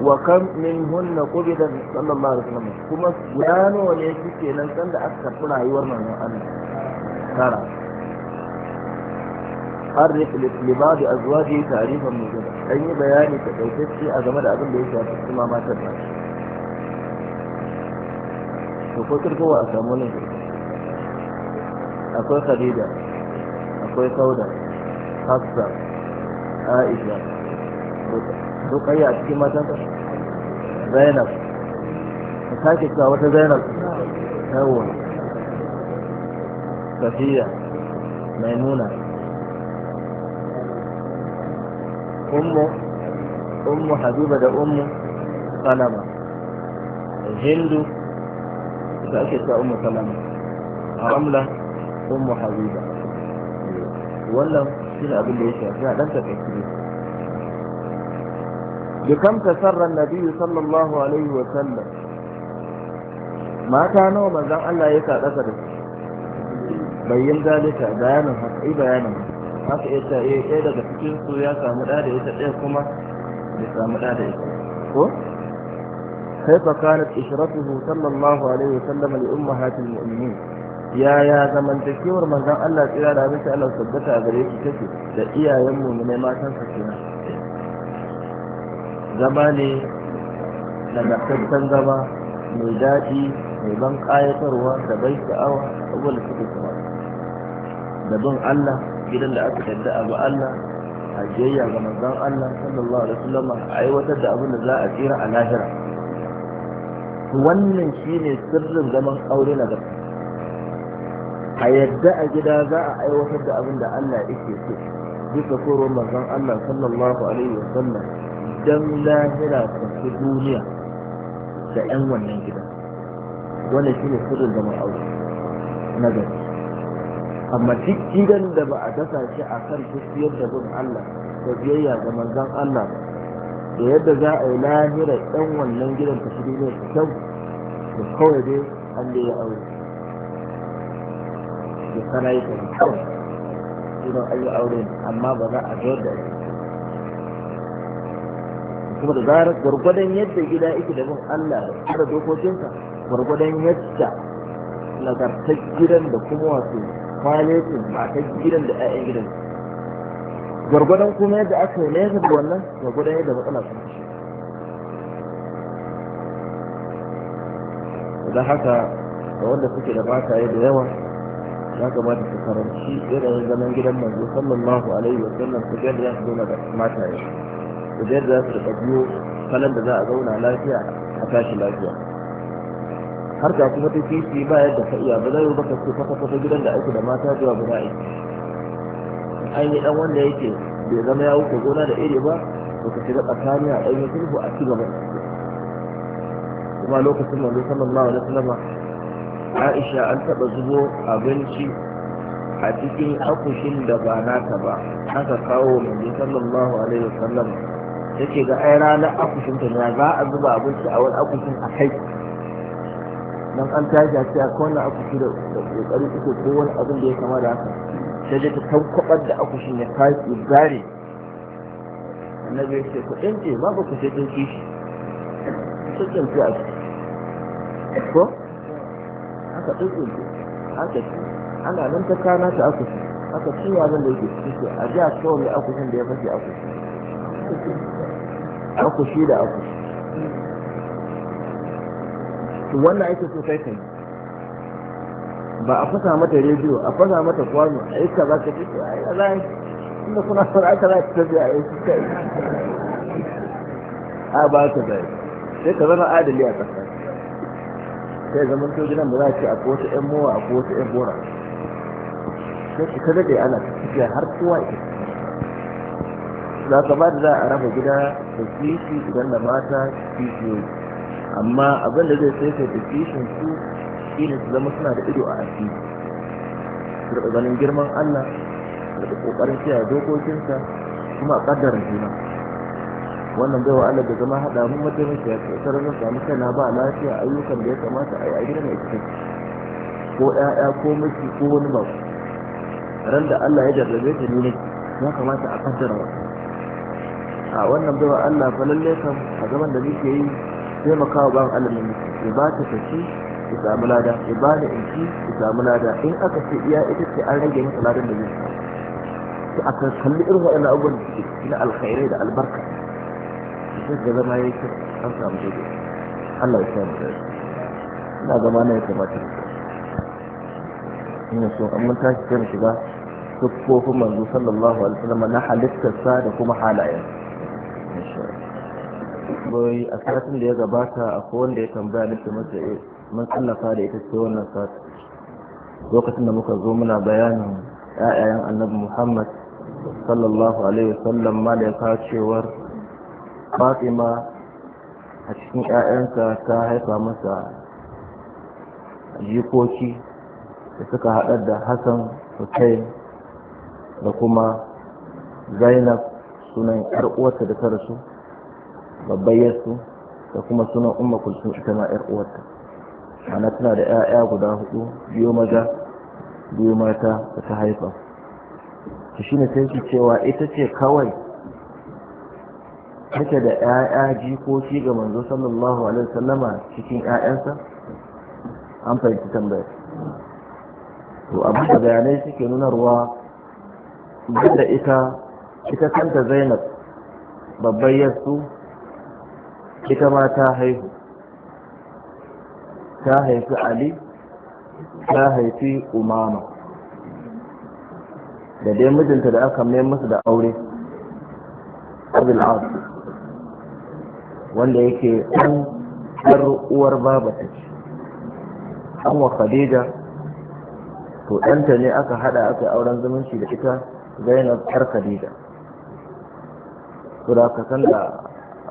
وكم منهن قبضت صلى الله عليه وسلم كما غدانو ne suke nan san da aka karɓi rayuwar manzon Allah tara arif libad azwaji tarifan mujada an yi bayani ta daukacce a game da abin da ya shafi kuma matar a samu ne akwai khadija akwai aisha rukayya a cikin matan zainab ka sake cewa wata zainab yawo safiya maimuna ummu ummu habiba da ummu salama hindu ita ake cewa ummu salama a amla ummu habiba wannan shi ne abin da ya shafi a ɗan tsakaki ne da kan tasarra nabiyu sallallahu alaihi wa sallam mata nawa manzon Allah ya kaɗa da su bayyan zalika bayanin haka ai bayanin haka ya ta yi eh, ɗaya daga cikin su ya samu ɗa da ita ɗaya kuma ya samu ɗa da ita ko kai fa kanat ishratuhu sallallahu alaihi wa sallam li ummahatil mu'minin yaya zamantakewar manzon Allah tsira da abin Allah tabbata a gare shi take da iyayen mu ne matan sa kenan zama ne nagartaccen zama mai daɗi mai ban ƙayatarwa da bai sha'awa abubuwan da suke kuma da bin Allah gidan da aka yadda abu Allah ajiyayya ga manzon Allah sallallahu alaihi wasallam a aiwatar da abin da za a tsira a lahira wannan shine sirrin zaman aure na gaskiya a yadda a gida za a aiwatar da abin da Allah yake so duka koron manzon Allah sallallahu alaihi sallam dan lahira ta fi duniya da yan wannan gida wannan shine sirrin da aure na gari amma duk gidan da ba a dasa shi a kan tafiyar da bin Allah da biyayya ga manzon Allah da yadda za a yi lahira ɗan wannan gidan ta fi duniya ta kyau da kawai dai Allah ya aure ce kana yi kaza kawai shi don an yi aure amma ba za a zo da kuma da zara gwargwadon yadda gida yake da bin Allah da dokokinsa gwargwadon yadda nagartar gidan da kuma wato kwaletin matar gidan da 'ya'yan gidan gwargwadon kuma yadda aka yi nesa da wannan gwargwadon yadda matsala sun fi da haka da wanda suke da yi da yawa ya kamata ka karanci irin zaman gidan manzo sallallahu alaihi wa sallam ku da za su zauna da mata ya ku da za su da biyo kalan da za a zauna lafiya a tashi lafiya har ka kuma ta kishi ba yadda ka iya ba zai baka ce kwata kwata gidan da ake da mata zuwa ba za yi an yi dan wanda yake bai zama ya wuce gona da iri ba ba ka shiga tsakani a ɗanyen sulhu a ci gaba kuma lokacin manzo sallallahu alaihi wa sallam aisha an taɓa zubo abinci a cikin akushin da ba nata ba aka kawo manzo sallallahu alaihi wasallam take ga ai ranar akushin ta za a zuba abinci a wani akushin a kai dan an tashi a ce a kowane akushi da kokari uku ko wani abin da ya kama da haka sai dai ta tankwabar da akushin ya kai zare annabi ya ce ku ɗin ce ba ku sai ɗin kishi sai ɗin ce a ko aka tsintsince aka ci ana nan ta kana ta akushi aka ci abin da yake ciki sai a ji a kawai mai akushin da ya fashe akushi akushi da akushi to wannan ake so kai kai ba a fasa mata rediyo a fasa mata kwano a yi kaza ka fito a yi zai inda kuna son aka za ta tafiya a yi su kai a ba ka zai sai ka zama adali a ƙasa sai zaman to gidan ba za a ce akwai wata mowa akwai wata ƴan bora sai kada daɗe ana tafiya har kowa ita za ka ba da za a raba gida da kishi idan da mata kishiyoyi amma abin da zai sai sai da kishin su shine su zama suna da ido a asiri su ganin girman Allah da ƙoƙarin kiyaye dokokinsa kuma a ƙaddarar juna wannan bai wa Allah da zama haɗa mun majalisa ya kai sarar samu kana ba lafiya ayyukan da ya kamata a yi a gidan ya cikin ko ƴaƴa ko miki ko wani ba ran da Allah ya jarrabe ta ne ya kamata a kaddara wa a wannan bai Allah fa lalle kam a zaman da muke yi sai taimakawa ban Allah ne ya ba ta kaci ya samu lada ya ba da inki ya samu lada in aka ce iya ita ce an rage masa ladan da zai samu a kalli irin waɗannan abubuwan na alkhairai da albarka sai da zama ya kyau an samu daidai Allah ya samu daidai ina zama na ya kamata da ina so an mun tashi kan shiga kofin manzo sallallahu alaihi wasallam na halittarsa da kuma halayen bai a satin da ya gabata akwai wanda ya tambaya nake masa mun tsallafa da ita ce wannan satin lokacin da muka zo muna bayanin 'ya'yan annabi muhammad sallallahu alaihi wasallam ma da ya kawo cewar fatima a cikin 'ya'yansa ta haifa masa jikoki da suka haɗar da hassan hussein da kuma zainab sunan yar uwarta da ta rasu babbar yasu da kuma sunan umma kulsun ita ma yar uwarta ana tana da 'ya'ya guda hudu biyu maza biyu mata da ta haifa shi ne sai cewa ita ce kawai kake da ‘ya'ya jikoki ga manzo sallallahu alaihi wasallama cikin ‘ya'yansa an fahimci tambayar to abin da bayanai suke nunarwa duk da ita ita kanta zainab babbar yasu ita ma ta haihu ta haifi ali ta haifi umama da dai mijinta da aka mai musu da aure abul asu wanda yake ɗan ɗar uwar baba ta ce an wa khadija to ɗanta ne aka haɗa aka auren zumunci da ita zainab ɗar khadija to da ka san da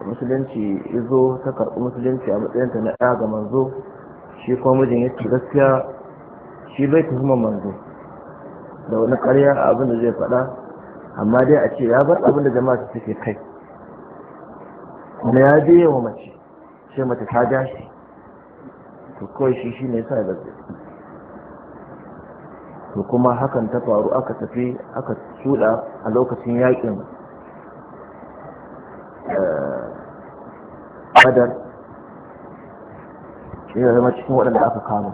musulunci izo ta karɓi musulunci a matsayinta na ɗaya ga manzo shi kuma mijin ya ce gaskiya shi bai tuhuma manzo da wani ƙarya a abin da zai faɗa amma dai a ce ya bar abin da jama'a suke kai kuma ya je wa mace ce mace ta ja shi to kawai shi shi ne sa ya to kuma hakan ta faru aka tafi aka tsuda a lokacin yakin eh, badar ne zama cikin waɗanda aka kama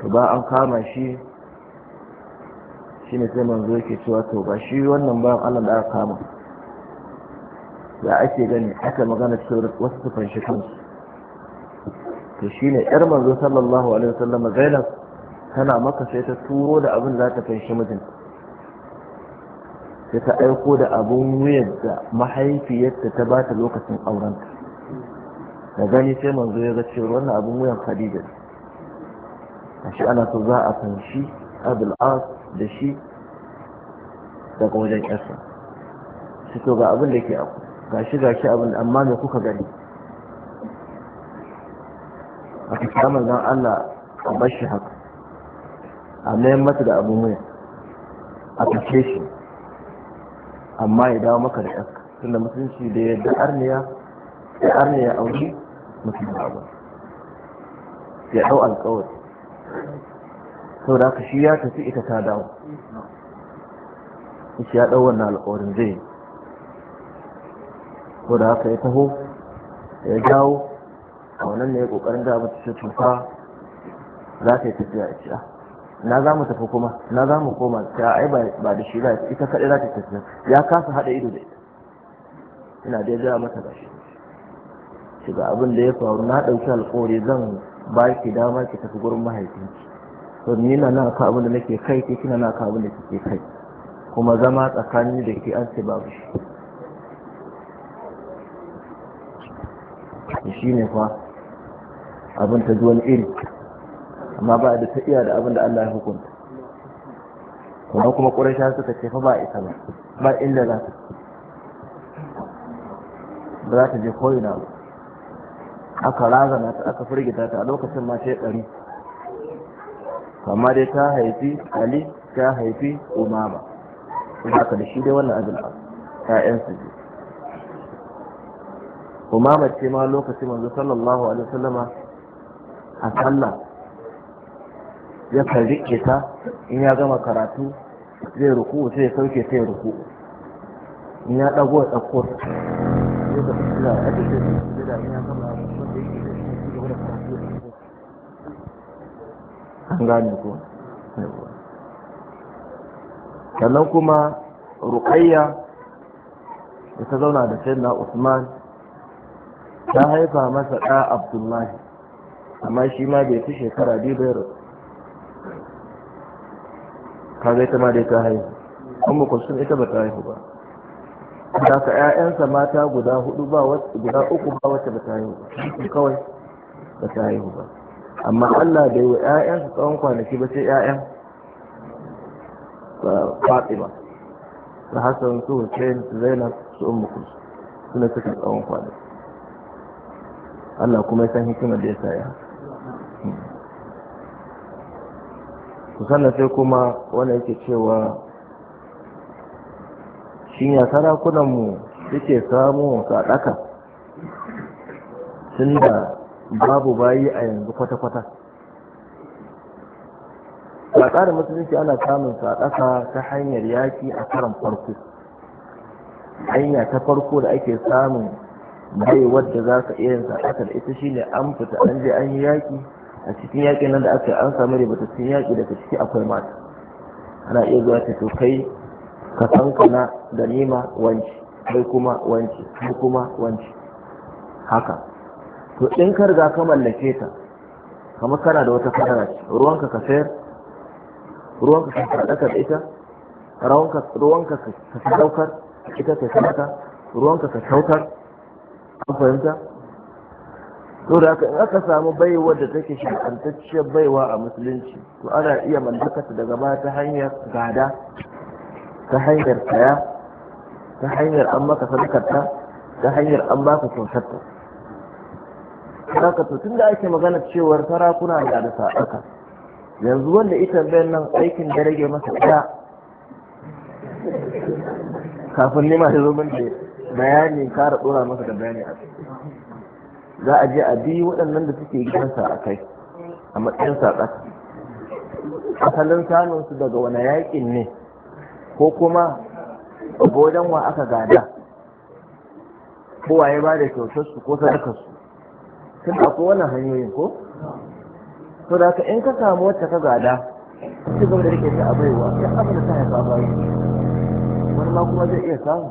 to ba an kama shi shi ne sai manzo yake cewa to ba shi wannan bayan allah da aka kama ya ake gani aka magana cewar wasu su fanshi kansu shi ne yar manzo sallallahu alaihi wasallam Zainab tana maka sai ta turo da abin za ta fanshi mijin sai ta aiko da abin wuyar da mahaifiyarta ta ba ta lokacin aurenta da gani sai manzo ya ga cewar wannan abin wuyan Khadija a shi ana so za a fanshi Abul As da shi daga wajen yarsa shi to ga abin da ke aku gashi gashi abin amma me kuka gani a fita zan Allah a bar shi haka a mayan mata da abin wuya a fice shi amma ya dawo maka da ɗanka tunda mutunci da yadda arniya ya arniya aure mutum da abu ya ɗau alƙawari sau da haka shi ya tafi ita ta dawo shi ya ɗau wannan alƙawarin zai yi ko da haka ya taho ya jawo a wannan ne ya kokarin da abin ce tufa za ta yi tafiya a ciya na za mu tafi kuma na za mu koma ta ai ba da shi za ita kaɗai za ta tafiya ya kasa haɗa ido da ita ina ya gaya mata da shi shiga abin da ya faru na ɗauki alƙawari zan ba ki dama ki tafi gurin mahaifinki to ni na na ka abin da nake kai ke kina na ka abin da kike kai kuma zama tsakanin da ke an ce babu shi shi ne fa abin ta duwan iri amma ba da ta iya da abin da Allah ya hukunta kuma kuma ƙurasha suka ce fa ba ita ba ba inda za ta ba za ta je koyina ba aka razana ta aka firgita ta a lokacin ma sai ɗari kama dai ta haifi ali ta haifi umama ba haka da shi dai wannan abin ta'yansu ne umama ce ma lokacin manzo sallallahu alaihi wasallama a sallah ya kan rike ta in ya gama karatu zai ruku sai ya sauke sai ya ruku in ya dago ya dauko ya ga a cikin da in ya gama wanda yake da shi gaba da karatu an gane ko sannan kuma ruqayya da ta zauna da sayyidina Usman ta haifa masa ɗa abdullahi amma shi ma bai fi shekara biyu bai rasu zai ta ma dai ta haihu ummu kulsum ita ba ta haihu ba da ka ƴaƴansa mata guda hudu ba guda uku ba wacce ba ta haihu ba kawai ba ta haihu ba amma Allah bai wa ƴaƴansa tsawon kwanaki ba sai ƴaƴan Fatima da Hassan su Hussein Zainab su Ummu Kulsum suna tsawon kwanaki Allah kuma ya san hikimar da ya sa ya sanna sai kuma wanda yake cewa shi ya mu suke samu sadaka tun da babu bayi a yanzu kwata-kwata ba tsarin musulunci ana samun sadaka ta hanyar yaki a karan farko hanya ta farko da ake samun bai wadda za ka iya yin sadaka da ita ne an fita an je an yi yaƙi a cikin yakin nan da aka yi an samu cikin yaƙi daga ciki akwai mata ana iya zuwa ta to kai ka san na da nima wanci kai kuma wanci kai kuma wanci haka to in ka riga ka mallake ta kamar kana da wata fara ce ruwanka ka sayar ruwanka ka faɗaka da ita ruwanka ka saukar ita ka sadaka ruwanka ka saukar an fahimta to da in aka samu baiwa da take shakantacciyar baiwa a musulunci to ana iya mallakata daga ba ta hanyar gada ta hanyar kaya ta hanyar an maka sadakarta ta hanyar an baka kyautarta ka to tun da ake magana cewar sarakuna da da sa'aka yanzu wanda ita bayan nan aikin da rage masa ɗaya kafin nema ya zo min da bayanin kara dora masa da bayani a za a je a bi waɗannan da suke gidansa a kai a matsayin saƙa asalin samunsu daga wani yaƙin ne ko kuma wajen wa aka gada ko waye ba da kyautarsu ko sadakarsu tun akwai wannan hanyoyin ko to da ka in ka samu wacce ka gada ci gaba da rike a baiwa ya abin da ta haifa bayan wani ma kuma zai iya samu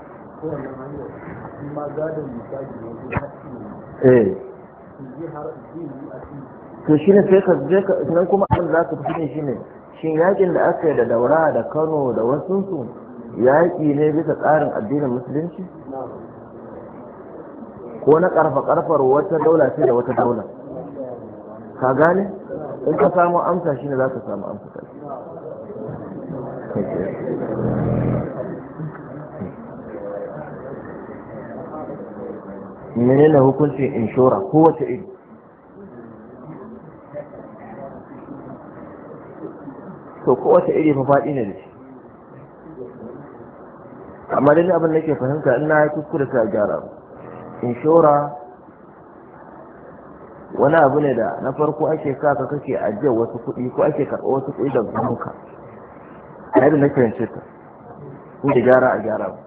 ma to shi ne sai ka je ka sanan kuma abin za ka fi shi ne shin yakin da aka yi da daura da kano da wasu su, yaƙi ne bisa tsarin addinin musulunci ko na ƙarfa ƙarfar wata daula sai da wata daula ka gane in ka samu amsa shi ne za ka samu amsa menene hukuncin inshora kowace iri to kowace iri fa faɗi ne da shi amma dai abin da ke fahimta ina ya da ta gyara inshora wani abu ne da na farko ake kaka kake ajiyar wasu kuɗi ko ake karɓa wasu kuɗi daga hannunka a yadda na fahimce ta ko da gyara a gyara ba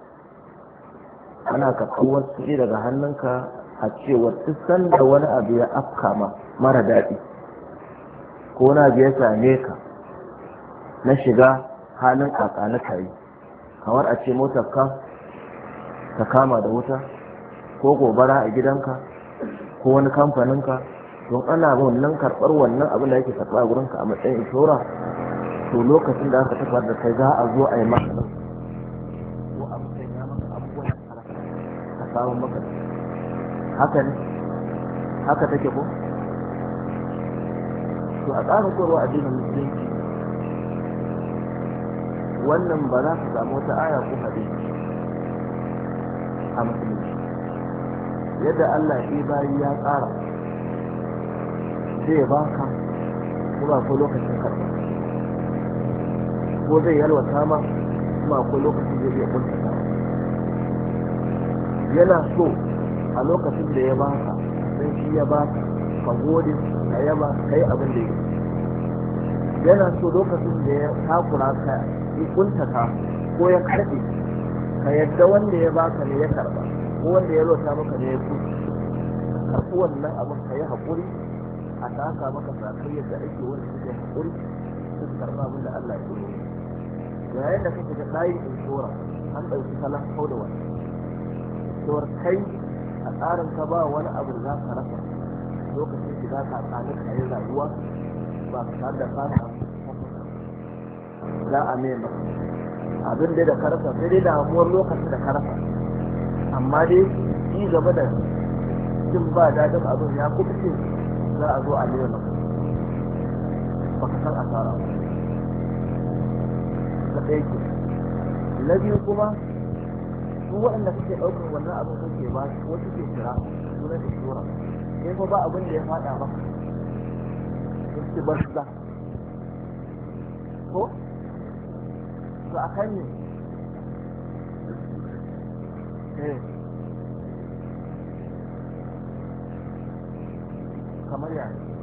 ana karɓar wasu kuɗi daga hannunka a cewa duk sanda wani abu ya afka ma mara daɗi ko na biya same ka na shiga halin ƙaƙani kare, kamar a ce motar ka ta kama da wuta ko gobara a gidanka ko wani kamfaninka don ana wannan karɓar wannan abin da yake karɓa a gurinka a matsayin shora to lokacin da aka tafar da kai za a zo a yi maka sabon maka haka ne haka take ko to a tsarin koyarwa addinin musulunci wannan ba za su samu wata aya ko hadisi a musulunci yadda Allah ya bayi ya tsara zai baka kuma ko lokacin karɓa ko zai yalwata ma kuma ko lokacin zai iya kuntata yana so a lokacin da ya baka sai shi ya baka ka gode ka yaba kai abin da yake yana so lokacin da ya takura ka yi kuntaka ko ya karbe ka yadda wanda ya baka ne ya karba ko wanda ya lota maka ne ya kuce karɓi wannan abin ka yi haƙuri a taka maka sakar yadda ake wani suke haƙuri sun karɓa abin da Allah ya yi yayin da kake da ɗayin inshora an ɗauki salon kau da wani cewar kai a tsarin ka ba wani abu za ka rasa lokacin da za ka tsani a yin rayuwa ba ka tare da fara za a mai ba abin dai da ka rasa sai dai damuwar lokacin da ka rasa amma dai yi gaba da jin ba dadin abin ya kuma ce za a zo a mai maka ba ka san asara ba ka ɗaya ke na biyu kuma su waɗanda suke ɗaukar wannan abin suke ba su wasu ke kira sunan shura sai fa ba abin da ya faɗa ba suke ba su da ko su a kan ne eh. kamar yare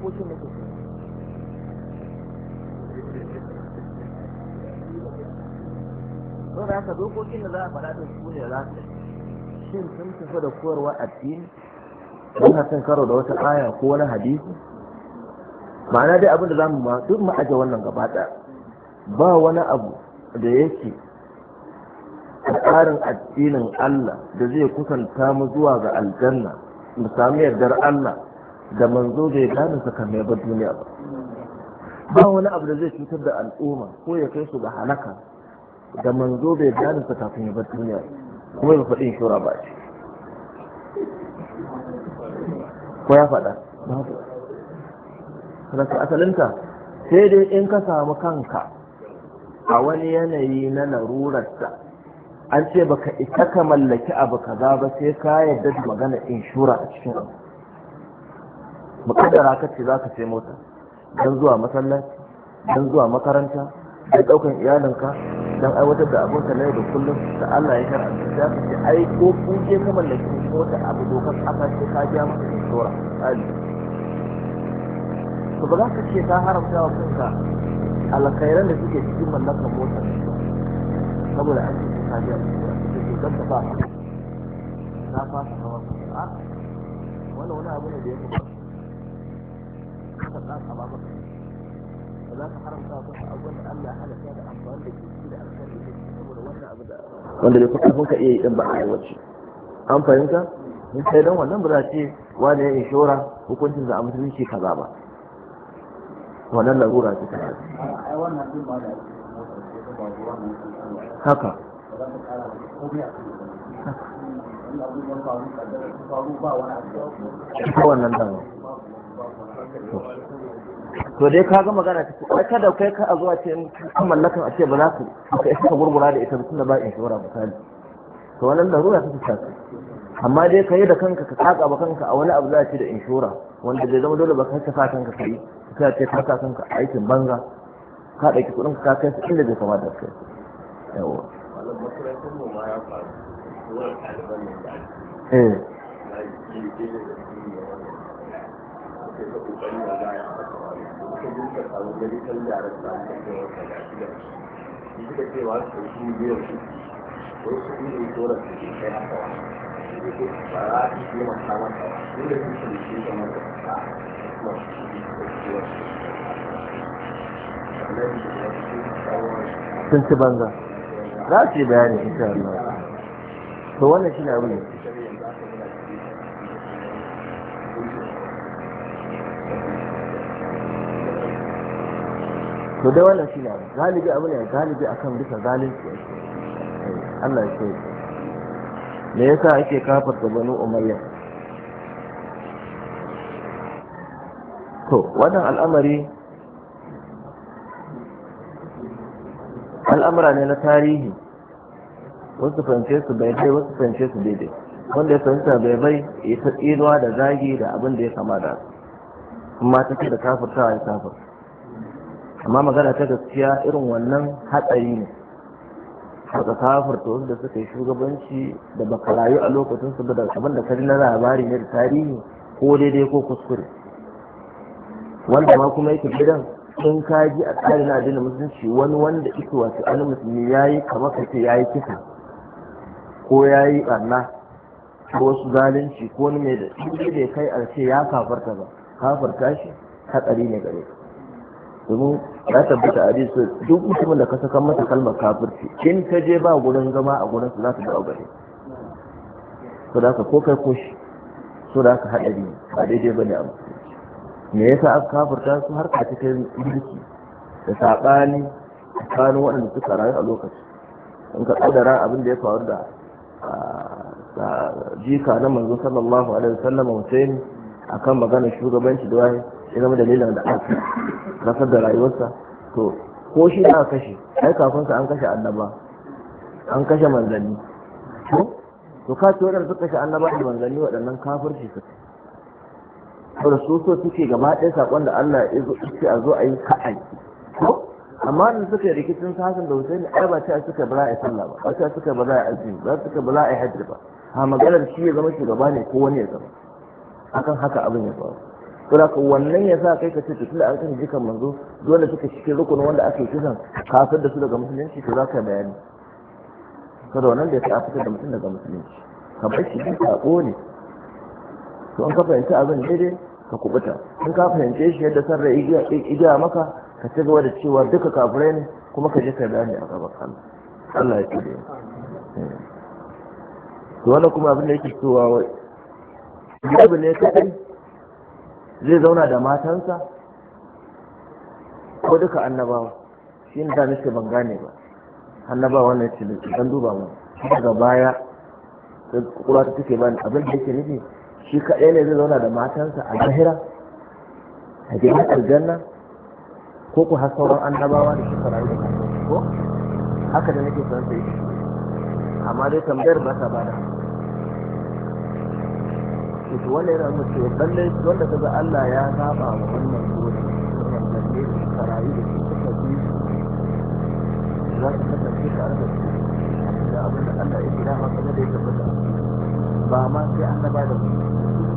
jikokin da ke saboda haka dokokin da za a faɗa da su ne za su shin sun tafi da koyarwa addini don cin karo da wata aya ko wani hadisi ma'ana dai abin da za mu ma duk mu aje wannan gaba ba wani abu da yake a tsarin addinin Allah da zai kusanta mu zuwa ga aljanna mu sami yardar Allah da manzo bai gane sakamai bar duniya ba ba wani abu da zai cutar da al'umma ko ya kai su ga halaka da manzo bai gane su kafin ya bar duniya kuma ya faɗin shura ba ce ko ya faɗa babu saboda asalinka sai dai in ka samu kanka a wani yanayi na larurarsa an ce baka isa ka mallaki abu kaza ba sai ka yarda da magana inshura a cikin abu mukaddara ka ce za ka ce mota don zuwa masallaci don zuwa makaranta don ɗaukan iyalinka don aiwatar da abin ka da kullum da Allah ya karanta za ka ce ai ko kuke ka mallaki mota abu dokar ƙasa ce ka biya maka inshora ali to ba za ka ce ka haramta wa kanka alkhairan da suke cikin mallakar mota saboda an ce ka biya maka inshora don ka ba ka fasa kawai a wannan wani abu ne da ya fi suka tsaka ba maka ba za ka ba a wanda da amfani da ke da saboda wannan da wanda bai kuka ka iya yi din ba a aiwace an fahimta in sai don wannan ba za ce wani ya inshora hukuncin za a musulunci kaza ba wannan larura ce kaza haka haka wannan dama to dai ka ga magana ta kai kada kai ka a zuwa ce an mallakan a ce ba za ka yi ka gurgura da ita da ba inshora misali to wannan ruwa ta tsaka amma dai kai da kanka ka saka ba kanka a wani abu za ce da inshora wanda zai zama dole ba ka saka kanka kai ka ce ka saka kanka aikin banza ka dauki kudin ka kai su inda zai kamata ka kai yawa wannan makarantar mu ma ya faru wannan ɗaliban ne da ake samu medical direct ba ta ke wata da shi da shi suka ce ba su shi miliyan su ko su yi insurance da shi kai haka ba za su yi mata mata ba su da su shi shi kamar da ta kuma su yi da shi wasu sun ci banza za su yi bayani insha Allah to wannan shi ne abin da to dai wannan shine abu galibi abu ne galibi akan bisa zalunci Allah ya ce me yasa ake kafar da banu umayya to wannan al'amari al'amura ne na tarihi wasu fahimce su bai dai wasu fahimce su daidai wanda ya fahimta bai bai ya ta tsinuwa da zagi da abin da ya kama da su. kuma ta ce da kafirtawa ya kafirta amma magana ta gaskiya irin wannan hatsari ne daga kafirta wasu da suka yi shugabanci da baka rayu a lokacin su da abin da kari na labari ne da tarihi ko daidai ko kuskure wanda ma kuma yake gidan in ka ji a tsarin addinin musulunci wani wanda ita wasu wani musulmi ya yi kama kake ya yi kisa ko ya yi ɓarna ko wasu zalunci ko wani mai da shi ya kai a ce ya kafarta ba kafarta shi hatsari ne gare ka domin ya tabbata a jisu duk mutumin da ka sakan masa kalmar kafirci in ka je ba gurin zama a gurin su za su dawo gare su da ka ko kai ko shi so da ka haɗari ba daidai ba ne a musulunci me yasa aka kafirta su har ka cikin mulki da saɓani tsakanin waɗanda suka rayu a lokaci in ka ƙadara abin da ya faru da jika na manzo sallallahu alaihi wasallam a kan magana shugabanci da wahayi ya zama dalilin da aka rasar da rayuwarsa to ko shi na aka kashe ai kafin ka an kashe annaba an kashe manzanni to to ka ce wadanda suka kashe annaba da manzanni waɗannan kafirci su da su so suke gaba ɗaya saƙon da Allah ya zo ce a zo a yi ka'ai to amma da suka yi rikicin sasan da Hussein ai ba ta suka bara a sallah ba ba ta suka bara a azumi ba ta suka bara a hajji ba ha maganar shi ya zama shugaba ne ko wani ya zama akan haka abin ya faru saboda wannan ya sa kai ka ce da an kan jikan manzo dole suka cikin rukunin wanda ake kisan kafin da su daga musulunci to za ka bayani kada wannan da ya sa a fitar da mutum daga musulunci ka bar shi duk sako ne to an ka fahimci abin daidai ka kubuta in ka fahimce shi yadda rai igiya maka ka ci gaba da cewa duka kafirai ne kuma ka je ka bayani a gaban Allah Allah ya tsare to wannan kuma abin da yake cewa wai ne kadai zai zauna da matansa ko duka annabawa shi ne ta nake ban gane ba annabawa wannan ce da dan duba mu daga baya sai kura ta take bani abin da yake nufi shi kaɗai ne zai zauna da matansa a zahira a gidan aljanna ko ku har sauran annabawa da suka rayu da ko haka da nake son sai amma dai tambayar ba ta bada to to yana mutu lalle wanda Allah ya saba wa wannan dole wannan lalle karayi da suka bi za su kasance da su da abin da Allah ya gida maka da ya tabbata ba ma sai an ba da su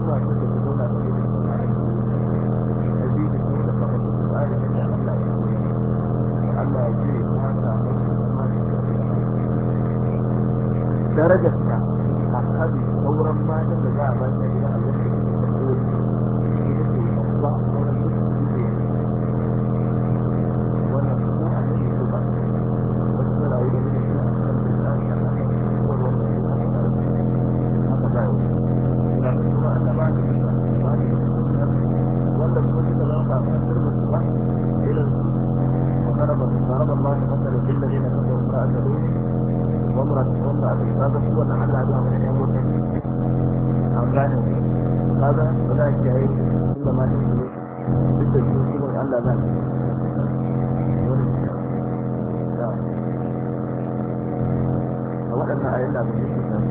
zuwa su da zauna da su Allah ضرب الله مثلا للذين كفروا امرأة لوط وامرأة وامرأة بن هو أن حل عليها kiyaye inda ma da shi duk da shi shi ne Allah zan waɗannan ayyuka da suke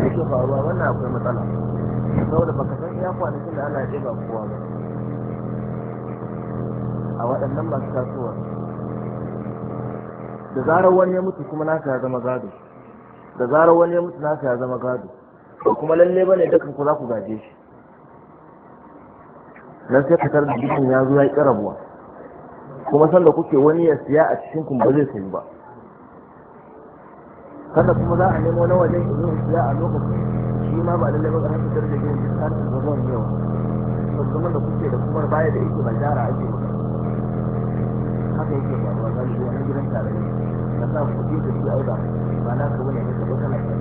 da yake faruwa wannan akwai matsala saboda baka san iya kwanakin da ana ɗiga kowa ba a waɗannan masu tasowa da zarar wani ya mutu kuma naka ya zama gado da zarar wani ya mutu naka ya zama gado ba kuma lalle bane dukkan ku za ku gaje shi nan sai fitar da dukkan ya zo ya ƙi rabuwa kuma sanda kuke wani ya siya a cikin ku ba zai sayi ba kada kuma za a nemo na wajen in yi siya a lokacin shi ma ba lallai ba haka daraja gina jirgin da su zama wani yawa musamman da kuke da kuma baya da yake ba jara ake ba haka yake faruwa za su je wani gidan tarayya ka sa kuɗi da shi auda ba na ka wani ka kana ka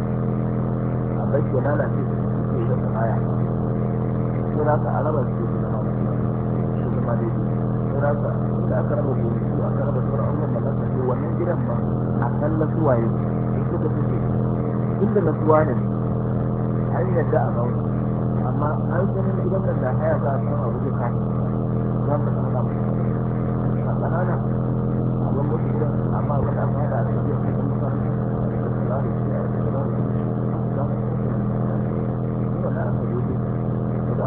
a bai ke lalace su kuke da baya sai na ka araba su ke zama su zama daidai sai na ka da aka raba gobe su aka raba sauran abubuwan ba za ka ce wannan gidan ba a kalla su waye suka suke inda na suwa ne yi yadda a zaune amma an sanin gidan nan da haya za a samu abu da kashi za mu samu da a ƙanana abin mutu gidan amma abin amma da a cikin gidan mutum da su a cikin gidan mutum za su da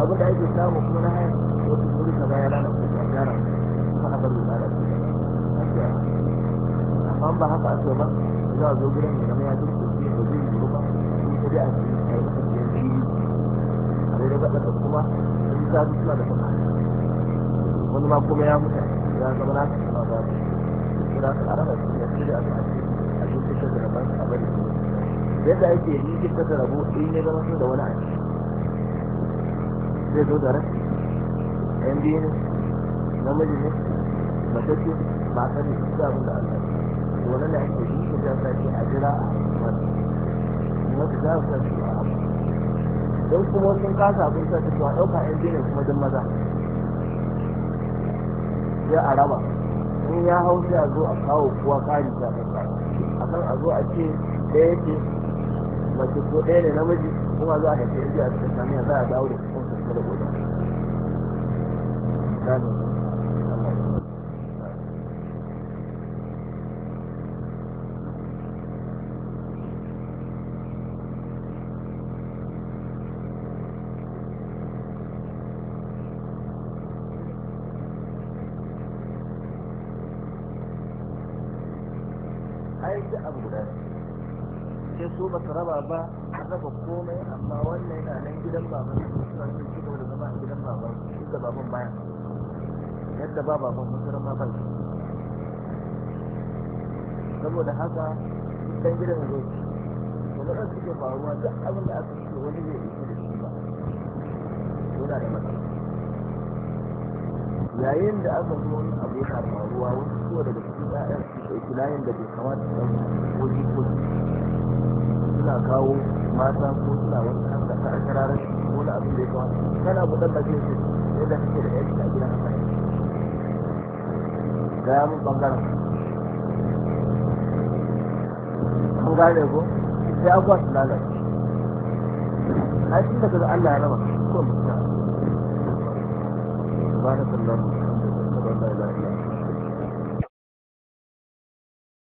abin da ake samu kuma na haya wasu wuri bayan ranar kuma a gyara kuma na bari lalata amma ba haka ake ba za a zo gidan a yadda ake yi ke in zama su da wani aiki zai zo da rashi biyu ne namiji ne mace ce ba a sani su abin da Allah ake yi a jira a mafi za su sami don kuma sun kasa abin sa cewa ɗauka yan biyu ne kuma don maza sai a raba in ya hau sai a zo a kawo kuwa kari ta a kan a zo a ce ɗaya yake mace ko ɗaya ne namiji kuma za a haifi yanzu a cikin samiya za a dawo da cikin sassa da gudu. ba a raba komai amma wannan yana nan gidan baban suna sun ci gaba da zama a gidan baban shi da baban baya yadda ba baban musulun ma ba shi saboda haka dan gidan zai to na kasu ke faruwa duk abin da aka ce wani zai isa da shi ba yana da matsala yayin da aka zo wani abu yana faruwa wasu suwa daga cikin 'ya'yan su ɗauki layin da bai kamata su ɗauka ko ji suna kawo mata ko suna wani da ta kararar da abin da ya kawo kana buɗar da ke shi da kake da shi a gidan haka gaya mun bangaren an gane ko sai abuwa su lalata a cikin daga Allah ya raba ko mutum ba da sallama